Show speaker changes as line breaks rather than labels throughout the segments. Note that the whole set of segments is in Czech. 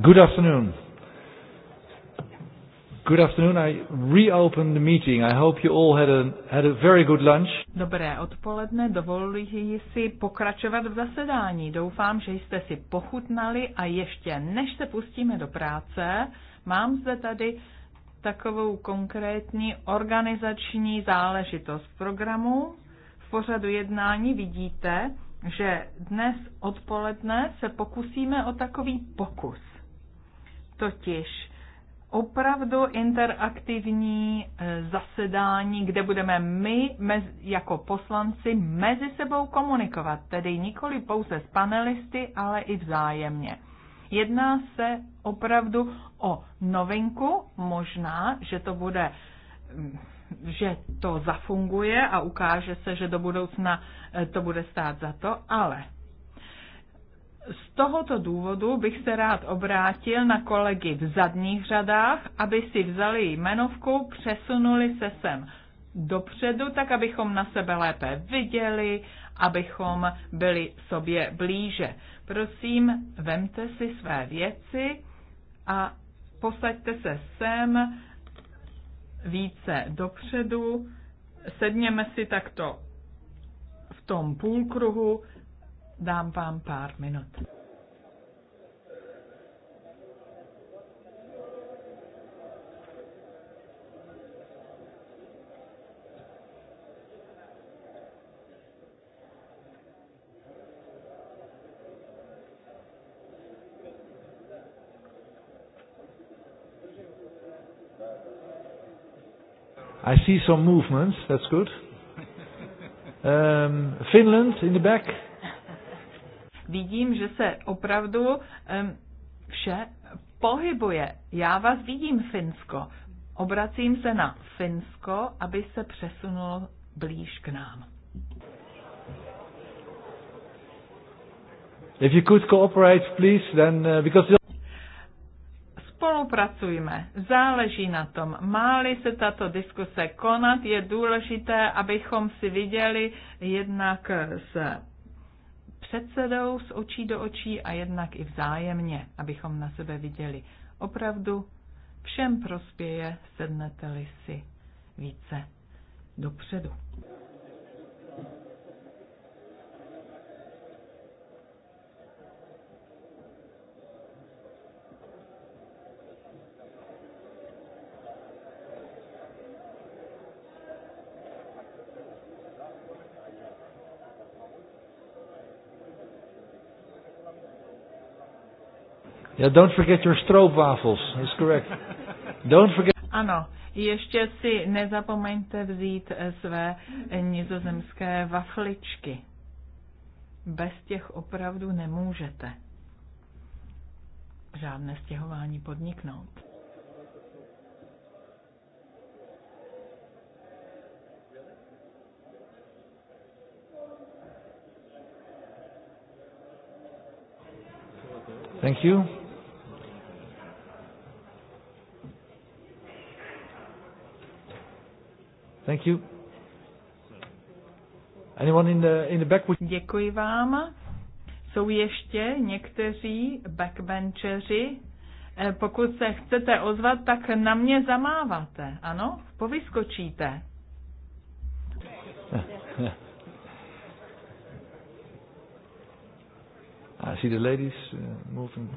Good afternoon. Good afternoon. I reopen the meeting. I hope you all had a, had a very good lunch.
Dobré odpoledne. Dovoluji si pokračovat v zasedání. Doufám, že jste si pochutnali a ještě než se pustíme do práce, mám zde tady takovou konkrétní organizační záležitost programu. V pořadu jednání vidíte, že dnes odpoledne se pokusíme o takový pokus totiž opravdu interaktivní eh, zasedání, kde budeme my jako poslanci mezi sebou komunikovat, tedy nikoli pouze s panelisty, ale i vzájemně. Jedná se opravdu o novinku, možná, že to bude, mm, že to zafunguje a ukáže se, že do budoucna eh, to bude stát za to, ale z tohoto důvodu bych se rád obrátil na kolegy v zadních řadách, aby si vzali jmenovku, přesunuli se sem dopředu, tak abychom na sebe lépe viděli, abychom byli sobě blíže. Prosím, vemte si své věci a posaďte se sem více dopředu, sedněme si takto v tom půlkruhu, Dám vám pár minut.
I see some movements. That's good. Um, Finland in the back
vidím, že se opravdu vše pohybuje. Já vás vidím, Finsko. Obracím se na Finsko, aby se přesunulo
blíž k nám. If you could cooperate, please, then, uh, because
Spolupracujme, záleží na tom. Máli se tato diskuse konat, je důležité, abychom si viděli jednak s předsedou z očí do očí a jednak i vzájemně, abychom na sebe viděli. Opravdu všem prospěje, sednete-li si více dopředu.
Yeah, don't forget your stroopwafels. That's correct. Don't forget.
Ano, ještě si nezapomeňte vzít eh, své eh, nizozemské vafličky. Bez těch opravdu nemůžete žádné stěhování podniknout.
Thank you.
Thank you. Anyone in the, in the back? Děkuji vám. Jsou ještě někteří backbencheri. Eh, pokud se chcete ozvat, tak na mě zamáváte, ano? Povyskočíte.
I see the ladies uh, moving.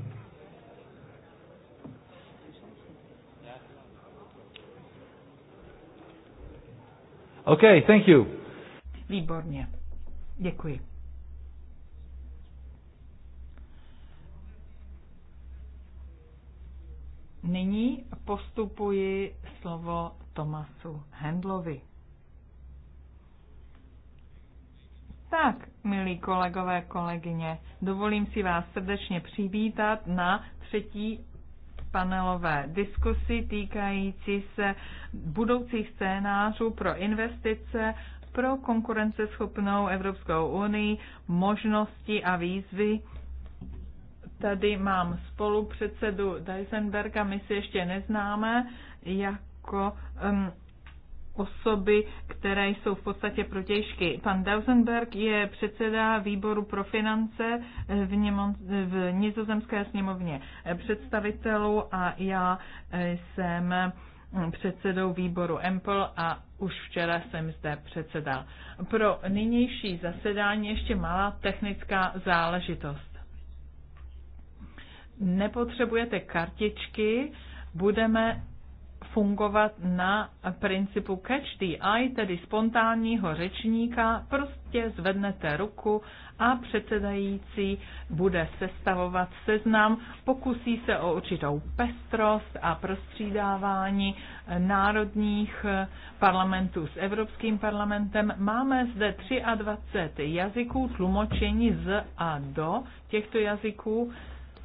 OK, thank you. Výborně. Děkuji. Nyní postupuji slovo Tomasu Hendlovi. Tak, milí kolegové, kolegyně, dovolím si vás srdečně přivítat na třetí panelové diskusy týkající se budoucích scénářů pro investice pro konkurenceschopnou Evropskou unii, možnosti a výzvy. Tady mám spolupředsedu Dysenberga, my si ještě neznáme, jako um, osoby, které jsou v podstatě protěžky. Pan Dausenberg je předseda výboru pro finance v, v nizozemské sněmovně představitelů a já jsem předsedou výboru EMPL a už včera jsem zde předsedal. Pro nynější zasedání ještě malá technická záležitost. Nepotřebujete kartičky, budeme fungovat na principu catch the eye, tedy spontánního řečníka, prostě zvednete ruku a předsedající bude sestavovat seznam, pokusí se o určitou pestrost a prostřídávání národních parlamentů s Evropským parlamentem. Máme zde 23 jazyků tlumočení z a do těchto jazyků.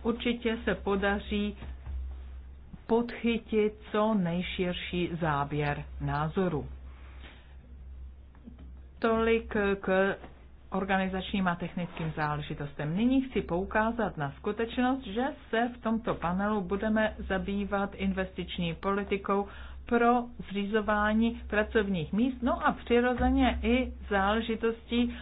Určitě se podaří podchytit co nejširší záběr názoru. Tolik k organizačním a technickým záležitostem. Nyní chci poukázat na skutečnost, že se v tomto panelu budeme zabývat investiční politikou pro zřizování pracovních míst, no a přirozeně i záležitostí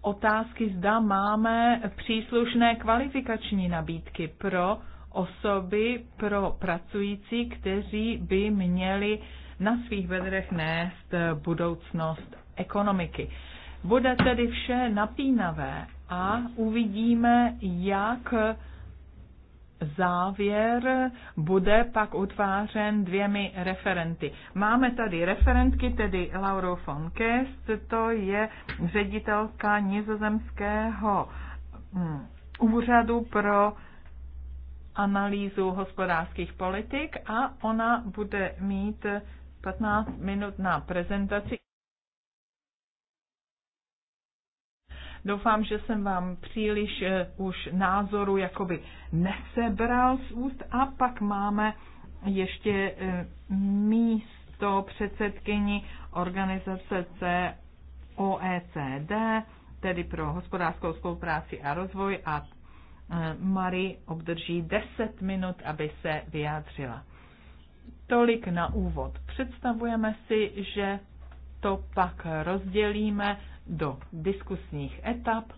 otázky, zda máme příslušné kvalifikační nabídky pro osoby pro pracující, kteří by měli na svých bedrech nést budoucnost ekonomiky. Bude tedy vše napínavé a uvidíme, jak závěr bude pak utvářen dvěmi referenty. Máme tady referentky, tedy Lauro von Kest, to je ředitelka nizozemského hm, úřadu pro analýzu hospodářských politik a ona bude mít 15 minut na prezentaci. Doufám, že jsem vám příliš eh, už názoru jakoby nesebral z úst a pak máme ještě eh, místo předsedkyni organizace C OECD, tedy pro hospodářskou spolupráci a rozvoj a Eh, Marie obdrží 10 minut, aby se vyjádřila. Tolik na úvod. Představujeme si, že to pak rozdělíme do diskusních etap.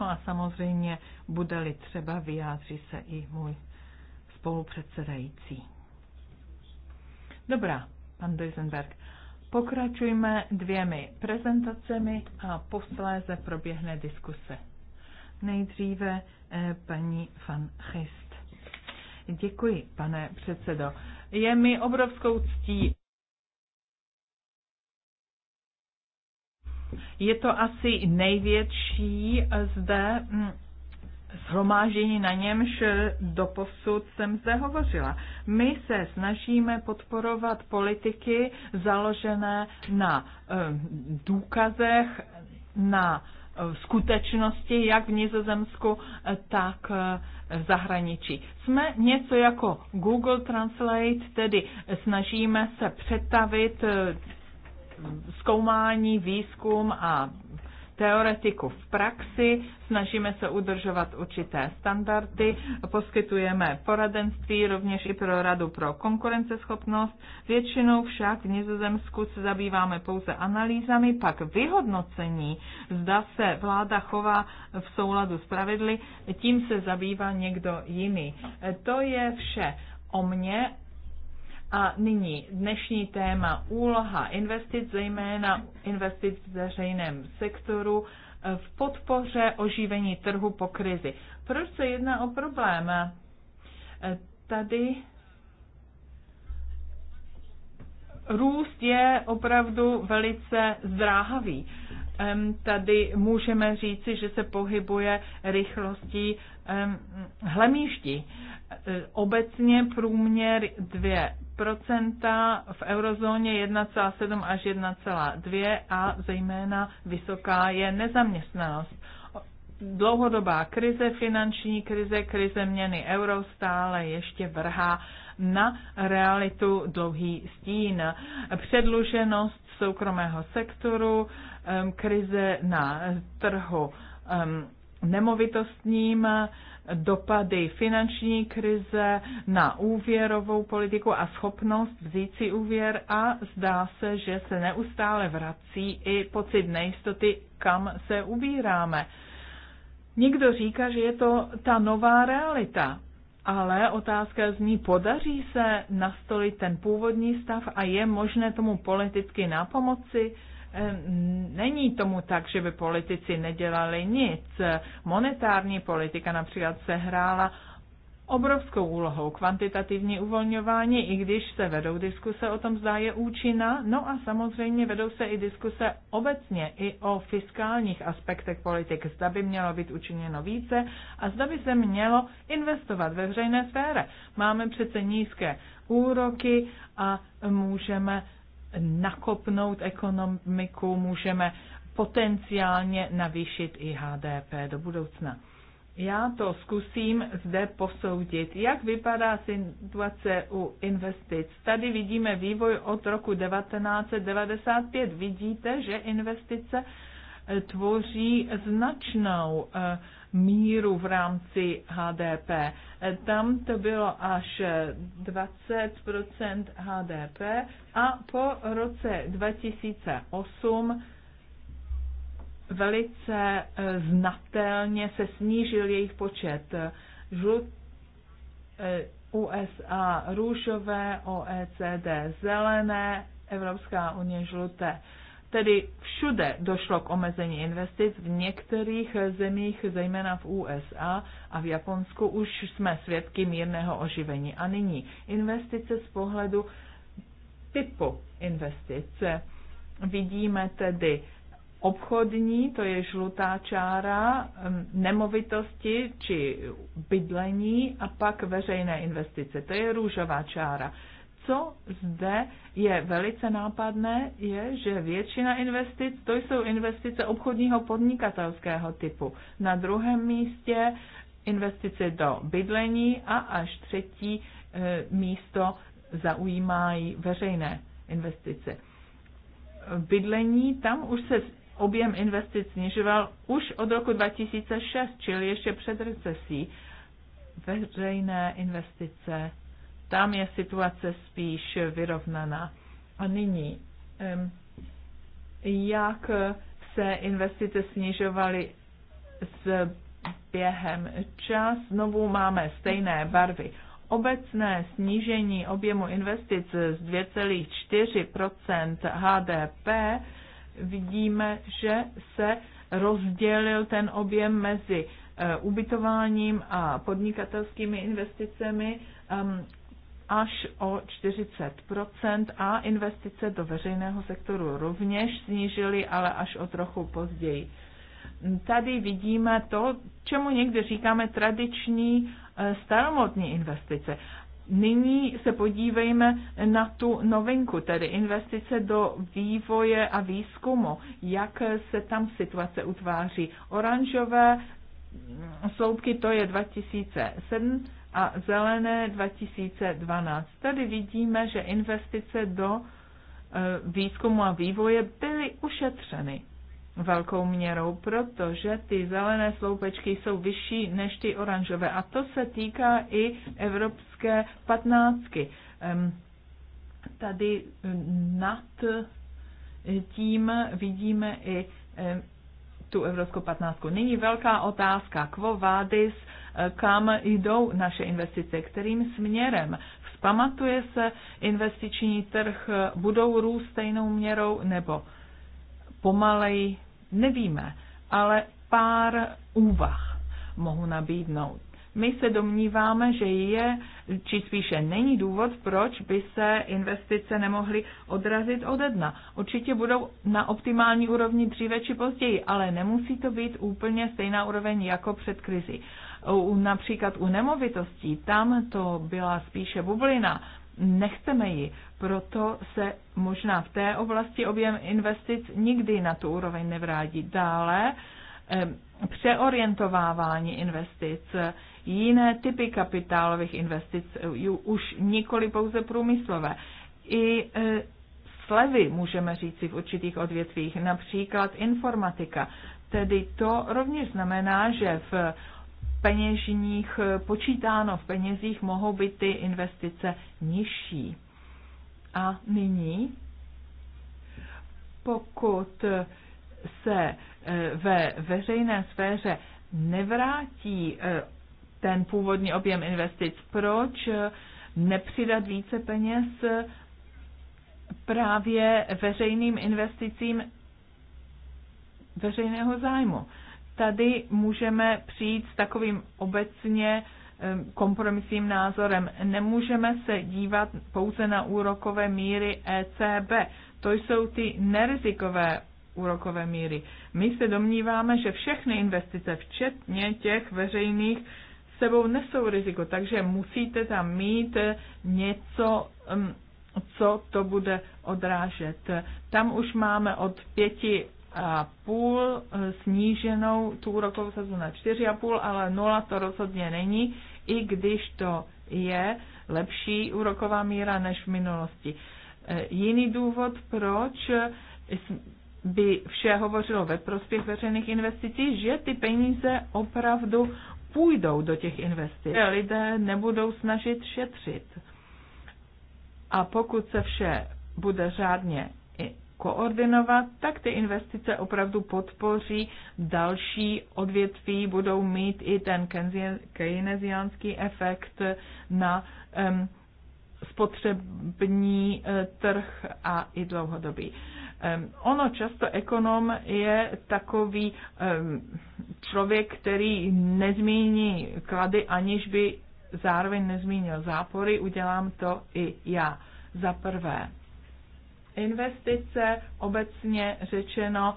No a samozřejmě bude-li třeba, vyjádří se i můj spolupředsedající. Dobrá, pan Duisenberg. Pokračujme dvěmi prezentacemi a posléze proběhne diskuse. Nejdříve eh, paní van Chist. Děkuji, pane předsedo. Je mi obrovskou ctí. Je to asi největší eh, zde zhromážení hm, na němž eh, doposud jsem zde hovořila. My se snažíme podporovat politiky založené na důkazech, na Eh, skutečnosti, jak v Nizozemsku, eh, tak eh, v zahraničí. Jsme něco jako Google Translate, tedy snažíme se přetavit zkoumání, výzkum a teoretiku v praxi, snažíme se udržovat určité standardy, poskytujeme poradenství rovněž i pro Radu pro konkurenceschopnost. Většinou však v Nizozemsku se zabýváme pouze analýzami, pak vyhodnocení, zda se vláda chová v souladu s pravidly, tím se zabývá někdo jiný. To je vše o mně a nyní dnešní téma úloha investic, zejména investic v veřejném sektoru eh, v podpoře oživení trhu po krizi. Proč se jedná o problém? Eh, tady růst je opravdu velice zdráhavý. Tady můžeme říci, že se pohybuje rychlostí hm, hlemíždi. Eh, obecně průměr v eurozóně 1,7 až 1,2 a zejména vysoká je nezaměstnanost. Dlouhodobá krize, finanční krize, krize měny euro stále ještě vrhá na realitu dlouhý stín. Předluženost soukromého sektoru, krize na trhu nemovitostním, dopady finanční krize na úvěrovou politiku a schopnost vzít si úvěr a zdá se, že se neustále vrací i pocit nejistoty, kam se ubíráme. Někdo říká, že je to ta nová realita, ale otázka zní, podaří se nastolit ten původní stav a je možné tomu politicky napomoci? pomoci? Ehm, není tomu tak, že by politici nedělali nic. Monetární politika například sehrála obrovskou úlohou kvantitativní uvolňování, i když se vedou diskuse o tom, zda je účinná. No a samozřejmě vedou se i diskuse obecně i o fiskálních aspektech politik, zda by mělo být učiněno více a zda by se mělo investovat ve veřejné sféře. Máme přece nízké úroky a můžeme nakopnout ekonomiku, můžeme potenciálně navýšit i HDP do budoucna. Já to zkusím zde posoudit. Jak vypadá situace u investic? Tady vidíme vývoj od roku 1995. Vidíte, že investice tvoří značnou eh, míru v rámci HDP. Tam to bylo až 20% HDP a po roce 2008 velice eh, znatelně se snížil jejich počet. Žlut, eh, USA růžové, OECD zelené, Evropská unie žluté. Tedy všude došlo k omezení investic, v některých zemích, zejména v USA a v Japonsku, už jsme svědky mírného oživení. A nyní investice z pohledu typu investice. Vidíme tedy obchodní, to je žlutá čára, nemovitosti či bydlení a pak veřejné investice, to je růžová čára co zde je velice nápadné, je, že většina investic, to jsou investice obchodního podnikatelského typu. Na druhém místě investice do bydlení a až třetí e, místo zaujímají veřejné investice. Bydlení, tam už se objem investic snižoval už od roku 2006, čili ještě před recesí. Veřejné investice tam je situace spíš vyrovnaná. A nyní, jak se investice snižovaly s během čas, znovu máme stejné barvy. Obecné snížení objemu investic z 2,4 HDP vidíme, že se rozdělil ten objem mezi eh, ubytováním a podnikatelskými investicemi až o 40 a investice do veřejného sektoru rovněž snížily, ale až o trochu později. Tady vidíme to, čemu někdy říkáme tradiční eh, staromodní investice. Nyní se podívejme na tu novinku, tedy investice do vývoje a výzkumu, jak se tam situace utváří. Oranžové mm, sloupky to je 2007 a zelené 2012. Tady vidíme, že investice do e, výzkumu a vývoje byly ušetřeny velkou měrou, protože ty zelené sloupečky jsou vyšší než ty oranžové. A to se týká i evropské patnáctky. Tady e, nad tím vidíme i e, tu evropskou patnáctku. Nyní velká otázka. Quo vadis kam jdou naše investice, kterým směrem. Vzpamatuje se investiční trh, budou růst stejnou měrou nebo pomalej, nevíme, ale pár úvah mohu nabídnout. My se domníváme, že je, či spíše není důvod, proč by se investice nemohly odrazit ode dna. Určitě budou na optimální úrovni dříve či později, ale nemusí to být úplně stejná úroveň jako před krizi. U, například u nemovitostí, tam to byla spíše bublina, nechceme ji, proto se možná v té oblasti objem investic nikdy na tu úroveň nevrátí. Dále přeorientovávání investic, jiné typy kapitálových investic, už nikoli pouze průmyslové. I e, slevy, můžeme říci, v určitých odvětvích, například informatika. Tedy to rovněž znamená, že v peněžních eh, počítáno, v penězích mohou být ty investice nižší. A nyní, pokud eh, se eh, ve veřejné sféře nevrátí ten původní objem investic, proč nepřidat více peněz právě veřejným investicím veřejného zájmu? tady můžeme přijít s takovým obecně kompromisním názorem. Nemůžeme se dívat pouze na úrokové míry ECB. To jsou ty nerizikové úrokové míry. My se domníváme, že všechny investice, včetně těch veřejných, sebou nesou riziko, takže musíte tam mít eh, něco, co to bude odrážet. Tam už máme od pěti půl eh, sníženou tu úrokovou sazbu na 4,5, ale 0 to rozhodně není, i když to je lepší úroková míra než v minulosti. Eh, jiný důvod, proč by vše hovořilo ve prospěch veřejných investicí, že ty peníze opravdu půjdou do těch investic. Lidé nebudou snažit šetřit. A pokud se vše bude řádně koordinovat, tak ty investice opravdu podpoří další odvětví, budou mít i ten keynesiánský efekt na um, spotřební e, trh a i dlouhodobý. Ono často ekonom je takový člověk, který nezmíní klady, aniž by zároveň nezmínil zápory, udělám to i já. Za prvé, Investice obecně řečeno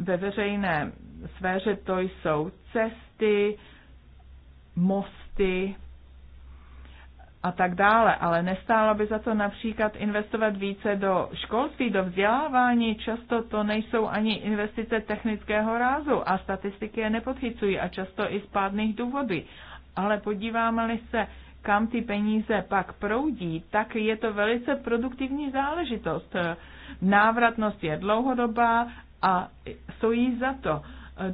ve veřejné sféře to jsou cesty, mosty a tak dále, ale nestálo by za to například investovat více do školství, do vzdělávání, často to nejsou ani investice technického rázu a statistiky je nepodchycují a často i z důvodů. Ale podíváme-li se kam ty peníze pak proudí, tak je to velice produktivní záležitost. Návratnost je dlouhodobá a stojí za to.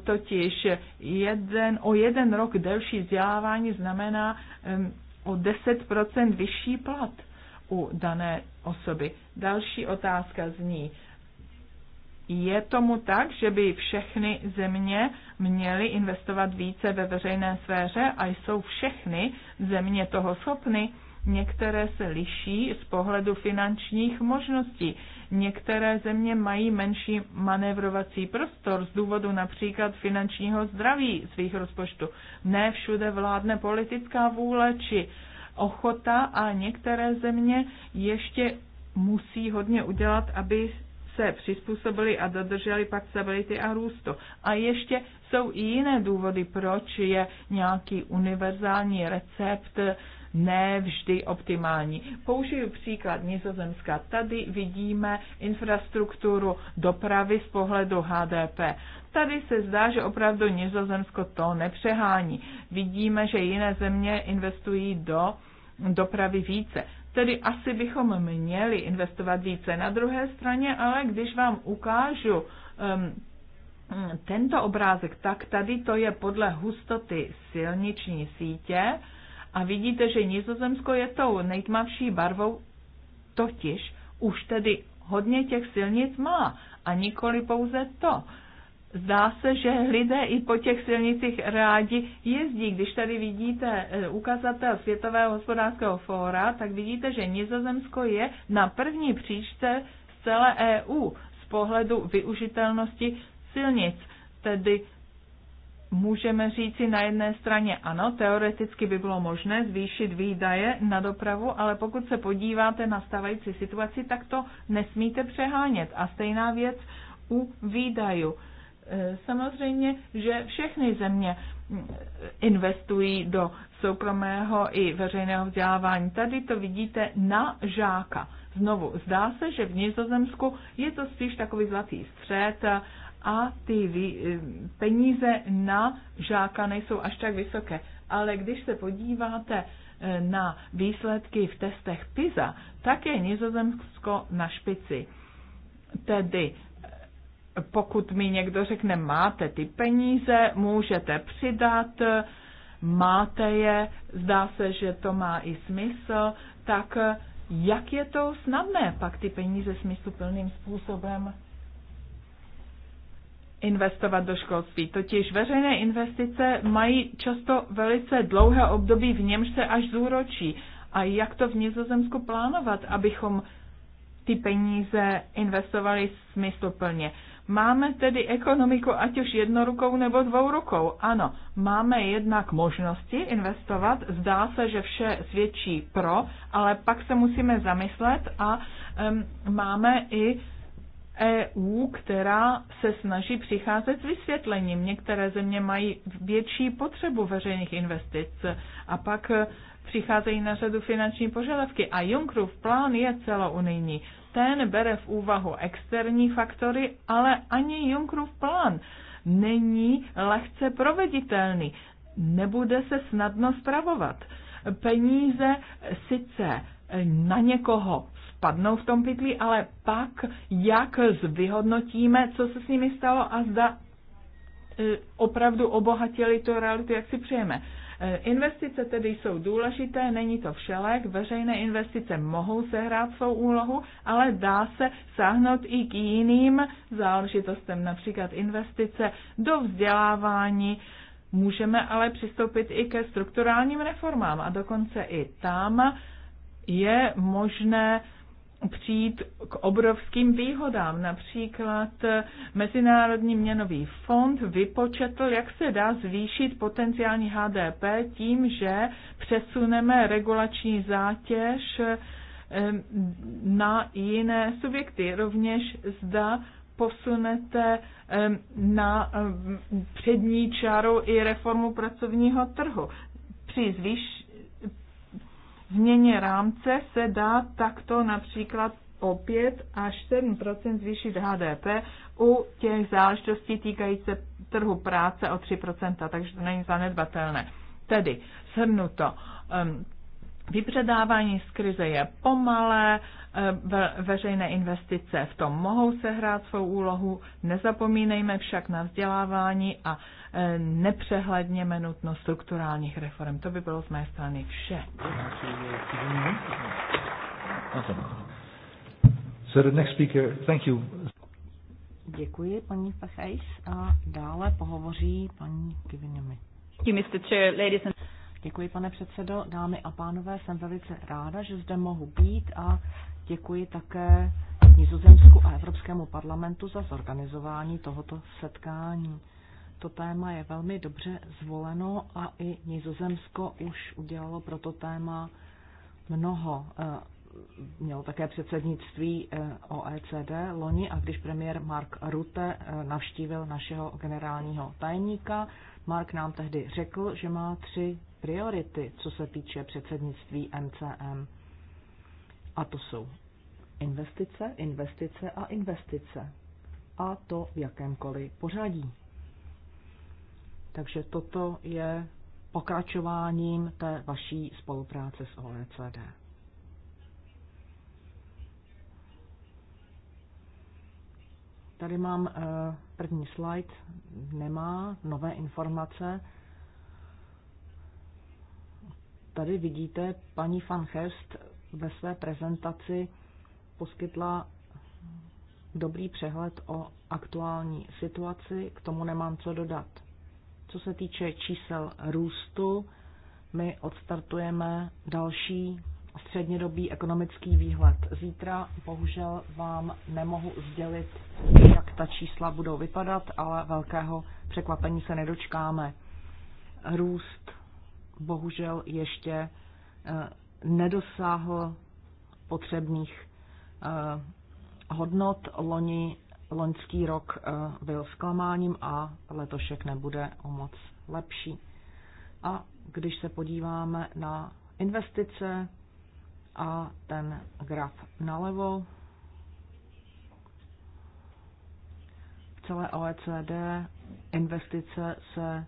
Totiž jeden, o jeden rok delší vzdělávání znamená o 10% vyšší plat u dané osoby. Další otázka zní, je tomu tak, že by všechny země měly investovat více ve veřejné sféře a jsou všechny země toho schopny? Některé se liší z pohledu finančních možností. Některé země mají menší manévrovací prostor z důvodu například finančního zdraví svých rozpočtů. Ne všude vládne politická vůle či ochota a některé země ještě musí hodně udělat, aby se přizpůsobili a dodrželi pak stability a růstu. A ještě jsou i jiné důvody, proč je nějaký univerzální recept ne vždy optimální. Použiju příklad Nizozemska. Tady vidíme infrastrukturu dopravy z pohledu HDP. Tady se zdá, že opravdu Nizozemsko to nepřehání. Vidíme, že jiné země investují do dopravy více. Tedy asi bychom měli investovat více. Na druhé straně, ale když vám ukážu um, tento obrázek, tak tady to je podle hustoty silniční sítě a vidíte, že Nizozemsko je tou nejtmavší barvou, totiž už tedy hodně těch silnic má a nikoli pouze to. Zdá se, že lidé i po těch silnicích rádi jezdí. Když tady vidíte eh, ukazatel Světového hospodářského fóra, tak vidíte, že Nizozemsko je na první příčce z celé EU z pohledu využitelnosti silnic. Tedy můžeme říci na jedné straně ano, teoreticky by bylo možné zvýšit výdaje na dopravu, ale pokud se podíváte na stávající situaci, tak to nesmíte přehánět. A stejná věc u výdajů Samozřejmě, že všechny země investují do soukromého i veřejného vzdělávání. Tady to vidíte na žáka. Znovu, zdá se, že v Nizozemsku je to spíš takový zlatý střed a ty peníze na žáka nejsou až tak vysoké. Ale když se podíváte eh, na výsledky v testech PISA, tak je Nizozemsko na špici. Tedy pokud mi někdo řekne, máte ty peníze, můžete přidat, máte je, zdá se, že to má i smysl, tak jak je to snadné pak ty peníze smysluplným způsobem investovat do školství. Totiž veřejné investice mají často velice dlouhé období, v němž se až zúročí. A jak to v Nizozemsku plánovat, abychom ty peníze investovali smysluplně? Máme tedy ekonomiku ať už jednorukou nebo dvou rukou. Ano, máme jednak možnosti investovat, zdá se, že vše svědčí pro, ale pak se musíme zamyslet a um, máme i EU, která se snaží přicházet s vysvětlením. Některé země mají větší potřebu veřejných investic a pak eh, přicházejí na řadu finanční požadavky a Junckerův plán je celounijní té nebere v úvahu externí faktory, ale ani Junkrův plán není lehce proveditelný. Nebude se snadno spravovat. Peníze sice na někoho spadnou v tom pytli, ale pak jak zvyhodnotíme, co se s nimi stalo a zda e, opravdu obohatili tu realitu, jak si přejeme. Eh, investice tedy jsou důležité, není to všelek, veřejné investice mohou sehrát svou úlohu, ale dá se sáhnout i k jiným záležitostem, například investice do vzdělávání, Můžeme ale přistoupit i ke strukturálním reformám a dokonce i tam je možné přijít k obrovským výhodám. Například Mezinárodní měnový fond vypočetl, jak se dá zvýšit potenciální HDP tím, že přesuneme regulační zátěž na jiné subjekty. Rovněž zda posunete na přední čáru i reformu pracovního trhu. Při zvýš, změně rámce se dá takto například o 5 až 7 zvýšit HDP u těch záležitostí týkající se trhu práce o 3 takže to není zanedbatelné. Tedy shrnuto, to. Um, Vypředávání z krize je pomalé, e, veřejné investice v tom mohou sehrát svou úlohu, nezapomínejme však na vzdělávání a e, nepřehledněme nutnost strukturálních reform. To by bylo z mé strany vše.
So the next speaker, thank you.
Děkuji, paní Pachajs. A dále pohovoří paní Kivinemi. You, Mr. Chair, ladies and Děkuji, pane předsedo. Dámy a pánové, jsem velice ráda, že zde mohu být a děkuji také Nizozemsku a Evropskému parlamentu za zorganizování tohoto setkání. To téma je velmi dobře zvoleno a i Nizozemsko už udělalo pro to téma mnoho. Eh, mělo také předsednictví eh, OECD loni a když premiér Mark Rutte eh, navštívil našeho generálního tajemníka, Mark nám tehdy řekl, že má tři priority, co se týče předsednictví MCM. A to jsou investice, investice a investice. A to v jakémkoliv pořadí. Takže toto je pokračováním té vaší spolupráce s OECD. Tady mám eh, první slide, nemá nové informace tady vidíte, paní van Hest ve své prezentaci poskytla dobrý přehled o aktuální situaci, k tomu nemám co dodat. Co se týče čísel růstu, my odstartujeme další střednědobý ekonomický výhled. Zítra bohužel vám nemohu sdělit, jak ta čísla budou vypadat, ale velkého překvapení se nedočkáme. Růst bohužel ještě eh, nedosáhl potřebných eh, hodnot. Loni, loňský rok eh, byl zklamáním a letošek nebude o moc lepší. A když se podíváme na investice a ten graf nalevo, v celé OECD investice se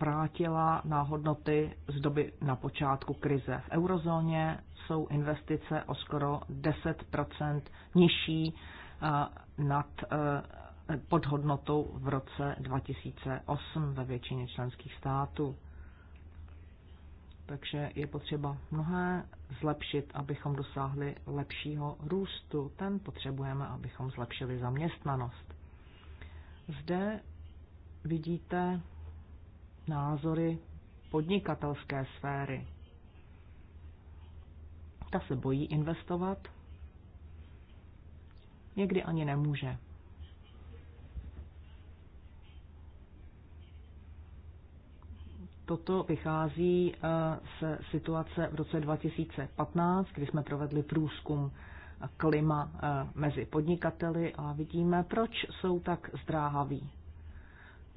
vrátila na hodnoty z doby na počátku krize. V eurozóně jsou investice o skoro 10 nižší eh, nad eh, pod hodnotou v roce 2008 ve většině členských států. Takže je potřeba mnohé zlepšit, abychom dosáhli lepšího růstu. Ten potřebujeme, abychom zlepšili zaměstnanost. Zde vidíte názory podnikatelské sféry. Ta se bojí investovat, někdy ani nemůže. Toto vychází eh, z situace v roce 2015, kdy jsme provedli průzkum klima eh, mezi podnikateli a vidíme, proč jsou tak zdráhaví.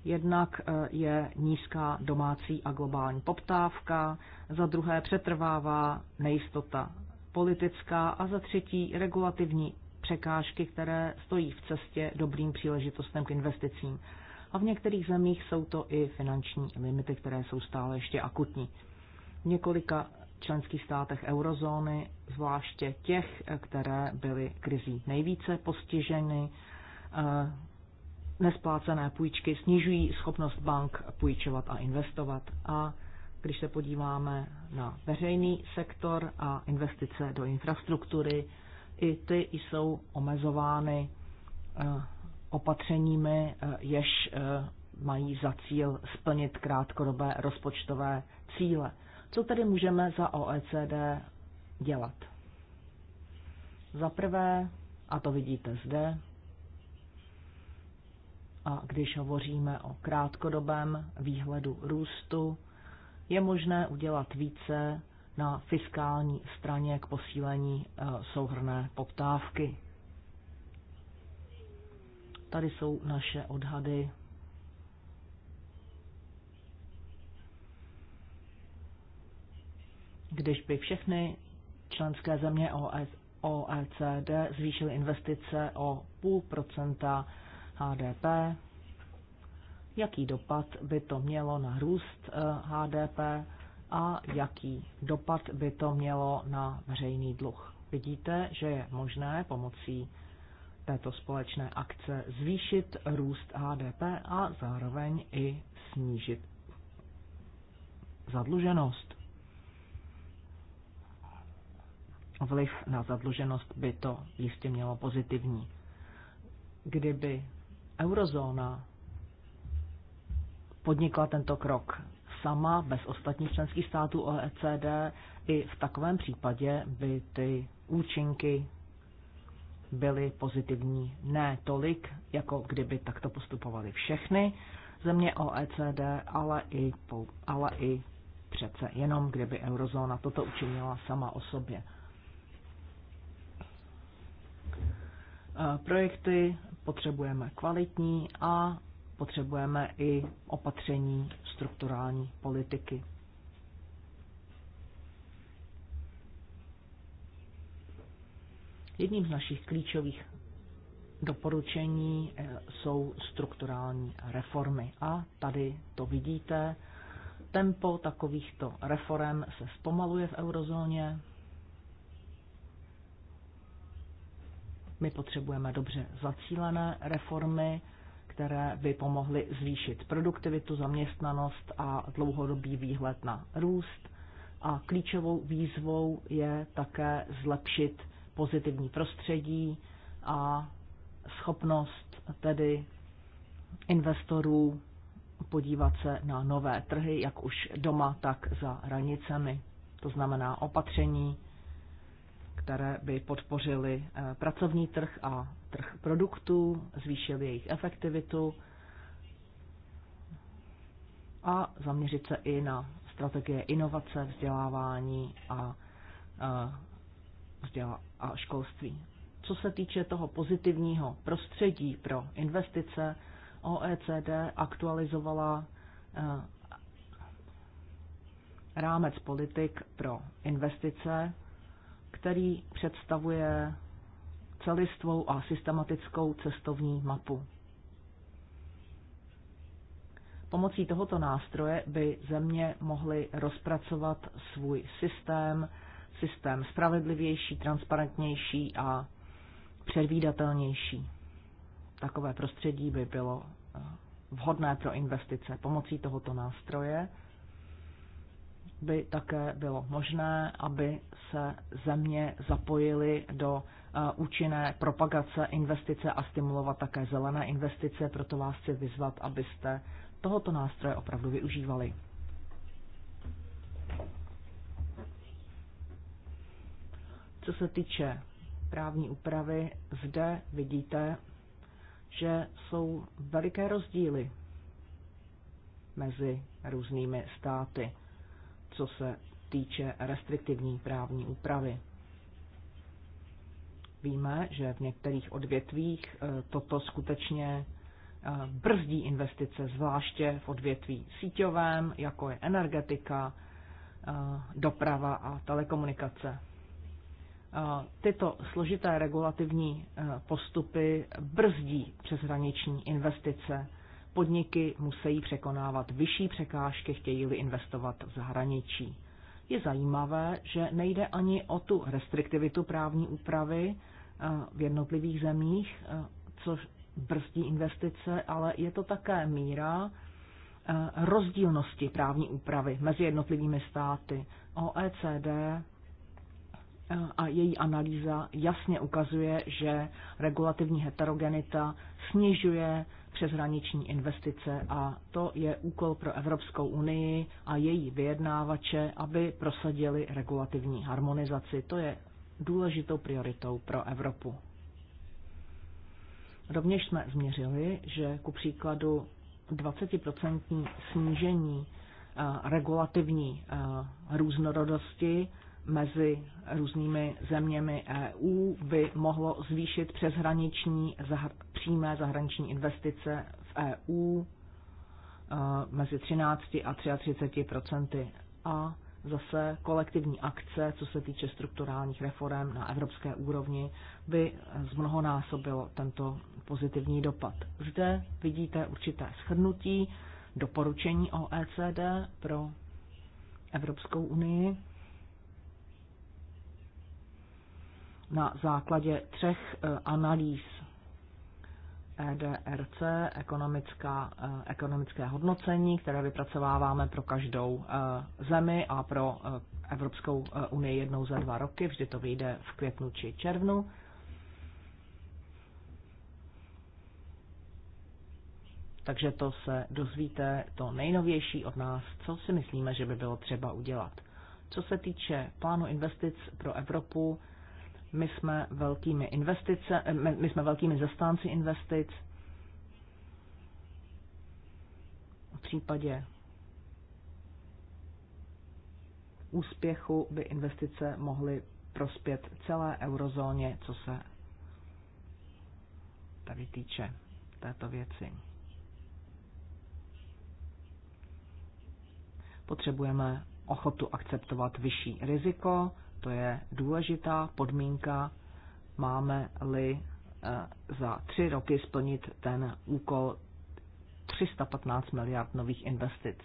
Jednak e, je nízká domácí a globální poptávka, za druhé přetrvává nejistota politická a za třetí regulativní překážky, které stojí v cestě dobrým příležitostem k investicím. A v některých zemích jsou to i finanční limity, které jsou stále ještě akutní. V několika členských státech eurozóny, zvláště těch, e, které byly krizí nejvíce postiženy, e, Nesplácené půjčky snižují schopnost bank půjčovat a investovat. A když se podíváme na veřejný sektor a investice do infrastruktury, i ty jsou omezovány eh, opatřeními, eh, jež eh, mají za cíl splnit krátkodobé rozpočtové cíle. Co tedy můžeme za OECD dělat? Za prvé, a to vidíte zde, a když hovoříme o krátkodobém výhledu růstu, je možné udělat více na fiskální straně k posílení e, souhrné poptávky. Tady jsou naše odhady. Když by všechny členské země OECD zvýšily investice o půl procenta HDP, jaký dopad by to mělo na růst HDP eh, a jaký dopad by to mělo na veřejný dluh. Vidíte, že je možné pomocí této společné akce zvýšit růst HDP a zároveň i snížit zadluženost. Vliv na zadluženost by to jistě mělo pozitivní. Kdyby eurozóna podnikla tento krok sama, bez ostatních členských států OECD, i v takovém případě by ty účinky byly pozitivní ne tolik, jako kdyby takto postupovaly všechny země OECD, ale i, po, ale i přece jenom, kdyby eurozóna toto učinila sama o sobě. Projekty potřebujeme kvalitní a potřebujeme i opatření strukturální politiky. Jedním z našich klíčových doporučení eh, jsou strukturální reformy. A tady to vidíte, tempo takovýchto reform se zpomaluje v eurozóně, My potřebujeme dobře zacílené reformy, které by pomohly zvýšit produktivitu, zaměstnanost a dlouhodobý výhled na růst. A klíčovou výzvou je také zlepšit pozitivní prostředí a schopnost tedy investorů podívat se na nové trhy, jak už doma, tak za hranicemi. To znamená opatření, které by podpořily eh, pracovní trh a trh produktů, zvýšily jejich efektivitu a zaměřit se i na strategie inovace, vzdělávání a, eh, a školství. Co se týče toho pozitivního prostředí pro investice, OECD aktualizovala eh, rámec politik pro investice který představuje celistvou a systematickou cestovní mapu. Pomocí tohoto nástroje by země mohly rozpracovat svůj systém, systém spravedlivější, transparentnější a předvídatelnější. Takové prostředí by bylo eh, vhodné pro investice. Pomocí tohoto nástroje by také bylo možné, aby se země zapojily do eh, účinné propagace investice a stimulovat také zelené investice, proto vás chci vyzvat, abyste tohoto nástroje opravdu využívali. Co se týče právní úpravy, zde vidíte, že jsou veliké rozdíly mezi různými státy co se týče restriktivní právní úpravy. Víme, že v některých odvětvích eh, toto skutečně eh, brzdí investice, zvláště v odvětví síťovém, jako je energetika, eh, doprava a telekomunikace. Tyto složité regulativní postupy brzdí přeshraniční investice Podniky musí překonávat vyšší překážky, chtějí-li investovat v zahraničí. Je zajímavé, že nejde ani o tu restriktivitu právní úpravy eh, v jednotlivých zemích, eh, což brzdí investice, ale je to také míra eh, rozdílnosti právní úpravy mezi jednotlivými státy. OECD a její analýza jasně ukazuje, že regulativní heterogenita snižuje přeshraniční investice a to je úkol pro Evropskou unii a její vyjednávače, aby prosadili regulativní harmonizaci. To je důležitou prioritou pro Evropu. Rovněž jsme změřili, že ku příkladu 20% snížení eh, regulativní eh, různorodosti mezi různými zeměmi EU by mohlo zvýšit přeshraniční zahr- přímé zahraniční investice v EU e, mezi 13 a 33 procenty. A zase kolektivní akce, co se týče strukturálních reform na evropské úrovni, by zmnohonásobilo tento pozitivní dopad. Zde vidíte určité shrnutí doporučení OECD pro Evropskou unii na základě třech eh, analýz EDRC, ekonomická, eh, ekonomické hodnocení, které vypracováváme pro každou eh, zemi a pro Evropskou unii jednou za dva roky, vždy to vyjde v květnu či červnu. Takže to se dozvíte to nejnovější od nás, co si myslíme, že by bylo třeba udělat. Co se týče plánu investic pro Evropu, my jsme velkými, investice, eh, my jsme velkými zastánci investic. V případě úspěchu by investice mohly prospět celé eurozóně, co se tady týče této věci. Potřebujeme ochotu akceptovat vyšší riziko, to je důležitá podmínka, máme-li eh, za tři roky splnit ten úkol 315 miliard nových investic.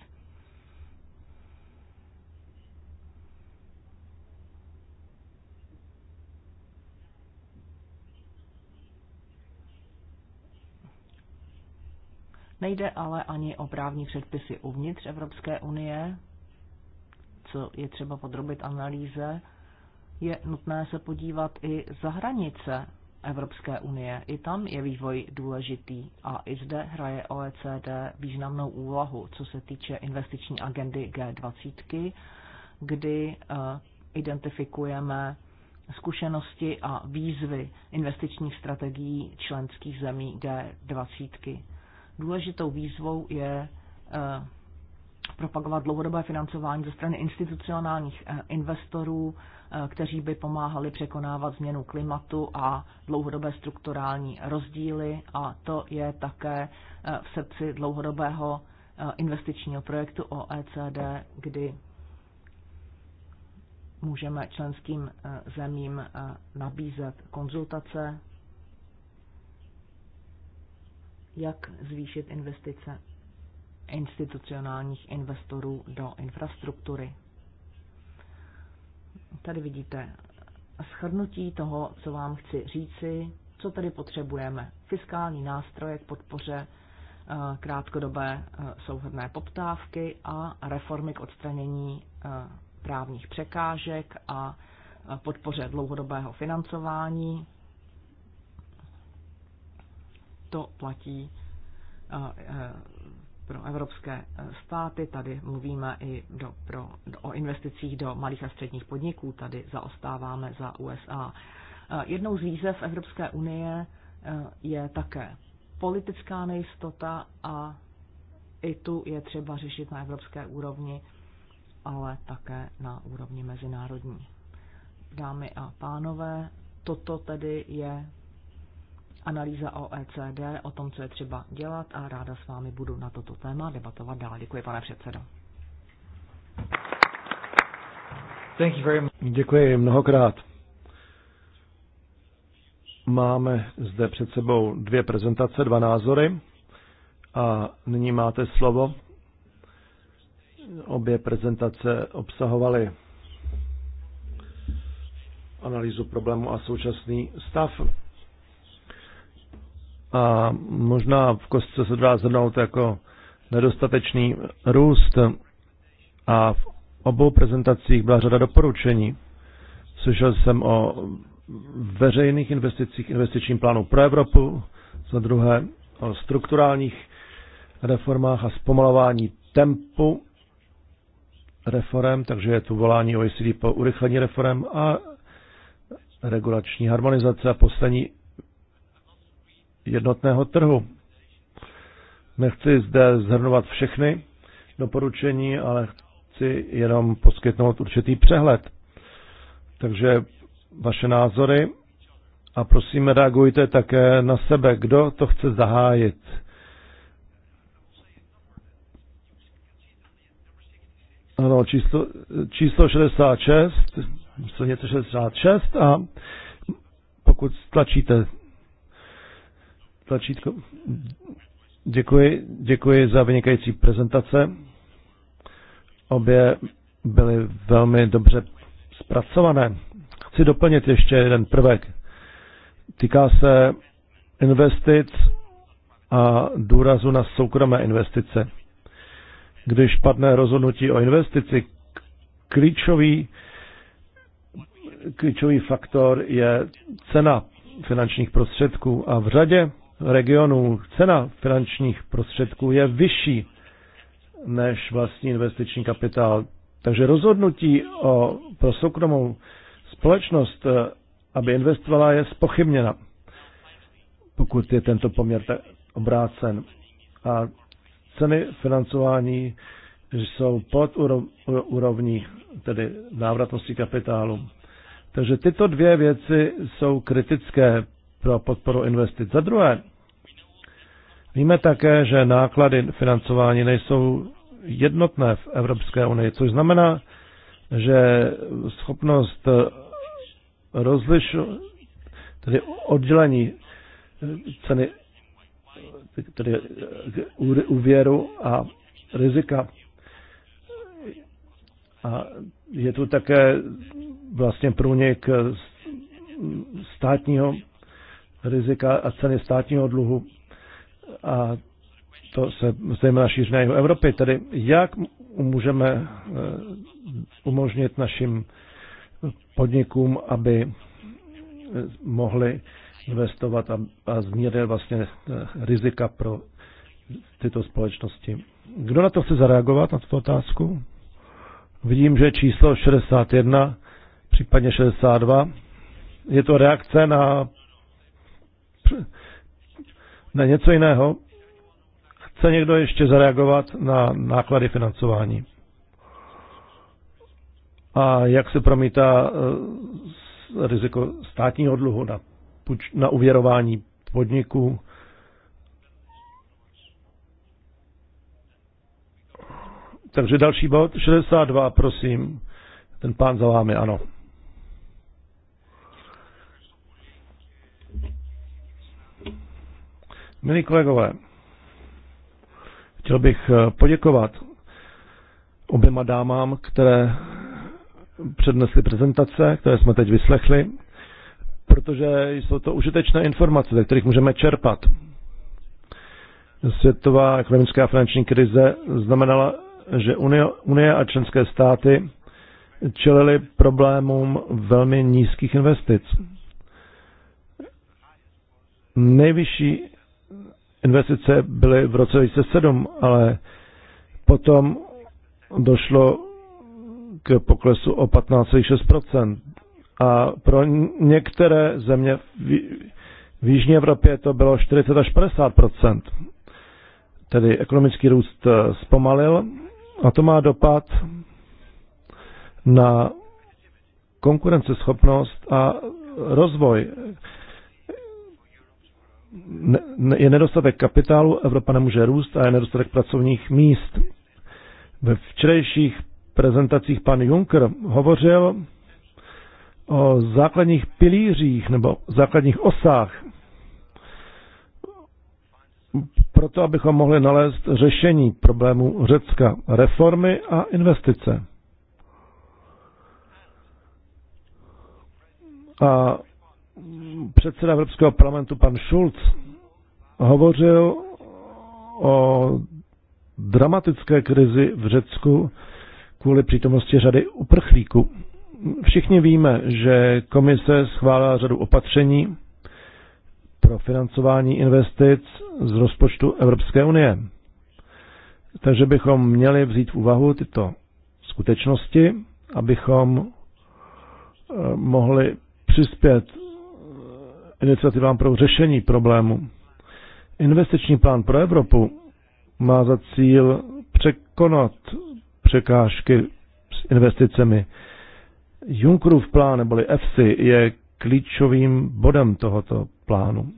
Nejde ale ani o právní předpisy uvnitř Evropské unie, co je třeba podrobit analýze, je nutné se podívat i za hranice Evropské unie. I tam je vývoj důležitý a i zde hraje OECD významnou úlohu, co se týče investiční agendy G20, kdy eh, identifikujeme zkušenosti a výzvy investičních strategií členských zemí G20. Důležitou výzvou je eh, propagovat dlouhodobé financování ze strany institucionálních eh, investorů, Eh, kteří by pomáhali překonávat změnu klimatu a dlouhodobé strukturální rozdíly a to je také eh, v srdci dlouhodobého eh, investičního projektu OECD, kdy můžeme členským zemím nabízet konzultace, jak zvýšit investice institucionálních investorů do infrastruktury. Tady vidíte shrnutí toho, co vám chci říci, co tady potřebujeme. Fiskální nástroje k podpoře eh, krátkodobé eh, souhrné poptávky a reformy k odstranění eh, právních překážek a podpoře dlouhodobého financování. To platí pro evropské eh, státy. Tady mluvíme i do, pro, o investicích do malých a středních podniků. Tady zaostáváme za USA. Eh, jednou z výzev Evropské unie eh, je také politická nejistota a i tu je třeba řešit na evropské úrovni, ale také na úrovni mezinárodní. Dámy a pánové, toto tedy je analýza OECD o tom, co je třeba dělat a ráda s vámi budu na toto téma debatovat dál. Děkuji, pane předsedo.
Thank you very much. Děkuji mnohokrát. Máme zde před sebou dvě prezentace, dva názory a nyní máte slovo. Obě prezentace obsahovaly analýzu problému a současný stav a možná v kostce se dá zhrnout jako nedostatečný růst a v obou prezentacích byla řada doporučení. Slyšel jsem o veřejných investicích, investičním plánu pro Evropu, za druhé o strukturálních reformách a zpomalování tempu reform, takže je tu volání OECD po urychlení reform a regulační harmonizace a poslední jednotného trhu. Nechci zde zhrnovat všechny doporučení, ale chci jenom poskytnout určitý přehled. Takže vaše názory a prosím reagujte také na sebe, kdo to chce zahájit. Ano, číslo, číslo 66, silnice 66 a pokud stlačíte tlačítko. Děkuji, děkuji za vynikající prezentace. Obě byly velmi dobře zpracované. Chci doplnit ještě jeden prvek. Týká se investic a důrazu na soukromé investice. Když padne rozhodnutí o investici, klíčový, klíčový faktor je cena finančních prostředků a v řadě regionů cena finančních prostředků je vyšší než vlastní investiční kapitál. Takže rozhodnutí o, pro soukromou společnost, eh, aby investovala, je spochybněna, pokud je tento poměr tak obrácen. A ceny financování jsou pod úrovní tedy návratnosti kapitálu. Takže tyto dvě věci jsou kritické pro podporu investic. Za druhé, Víme také, že náklady financování nejsou jednotné v Evropské unii, což znamená, že schopnost rozlišu, tedy oddělení ceny tedy úvěru a rizika. A je tu také vlastně průnik státního rizika a ceny státního dluhu a to se zejména šíří na jihu Evropy, tedy jak můžeme eh, umožnit našim podnikům, aby eh, mohli investovat a, a zmírnit vlastně eh, rizika pro tyto společnosti. Kdo na to chce zareagovat, na tuto otázku? Vidím, že číslo 61, případně 62. Je to reakce na na něco jiného? Chce někdo ještě zareagovat na náklady financování? A jak se promítá eh, riziko státního dluhu na, na uvěrování podniků? Takže další bod, 62, prosím. Ten pán za vámi, ano. Milí kolegové, chtěl bych eh, poděkovat oběma dámám, které přednesly prezentace, které jsme teď vyslechli, protože jsou to užitečné informace, ze kterých můžeme čerpat. Světová ekonomická a finanční krize znamenala, že Unie, Unie a členské státy čelili problémům velmi nízkých investic. Nejvyšší investice byly v roce 2007, ale potom došlo k poklesu o 15,6%. A pro některé země v Jižní Evropě to bylo 40 až 50%. Tedy ekonomický růst eh, zpomalil a to má dopad na konkurenceschopnost a rozvoj je nedostatek kapitálu, Evropa nemůže růst a je nedostatek pracovních míst. Ve včerejších prezentacích pan Juncker hovořil o základních pilířích nebo základních osách proto, abychom mohli nalézt řešení problému Řecka, reformy a investice. A předseda Evropského parlamentu pan Schulz hovořil o dramatické krizi v Řecku kvůli přítomnosti řady uprchlíků. Všichni víme, že komise schválila řadu opatření pro financování investic z rozpočtu Evropské unie. Takže bychom měli vzít v úvahu tyto skutečnosti, abychom eh, mohli přispět iniciativám pro řešení problému. Investiční plán pro Evropu má za cíl překonat překážky s investicemi. Junckerův plán neboli EFSI je klíčovým bodem tohoto plánu,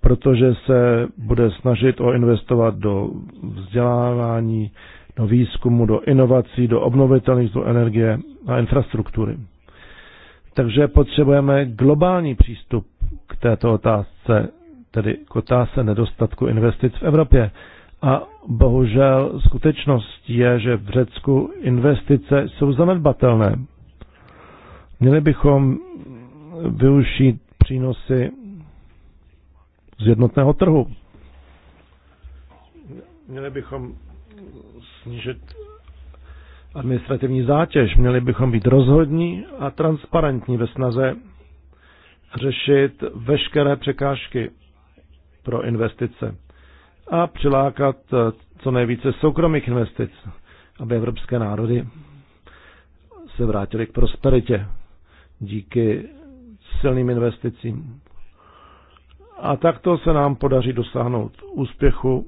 protože se bude snažit o investovat do vzdělávání, do výzkumu, do inovací, do obnovitelných zdrojů energie a infrastruktury. Takže potřebujeme globální přístup k této otázce, tedy k otázce nedostatku investic v Evropě. A bohužel skutečnost je, že v Řecku investice jsou zanedbatelné. Měli bychom využít přínosy z jednotného trhu. Měli bychom snížit administrativní zátěž. Měli bychom být rozhodní a transparentní ve snaze řešit veškeré překážky pro investice a přilákat eh, co nejvíce soukromých investic, aby evropské národy se vrátily k prosperitě díky silným investicím. A takto se nám podaří dosáhnout úspěchu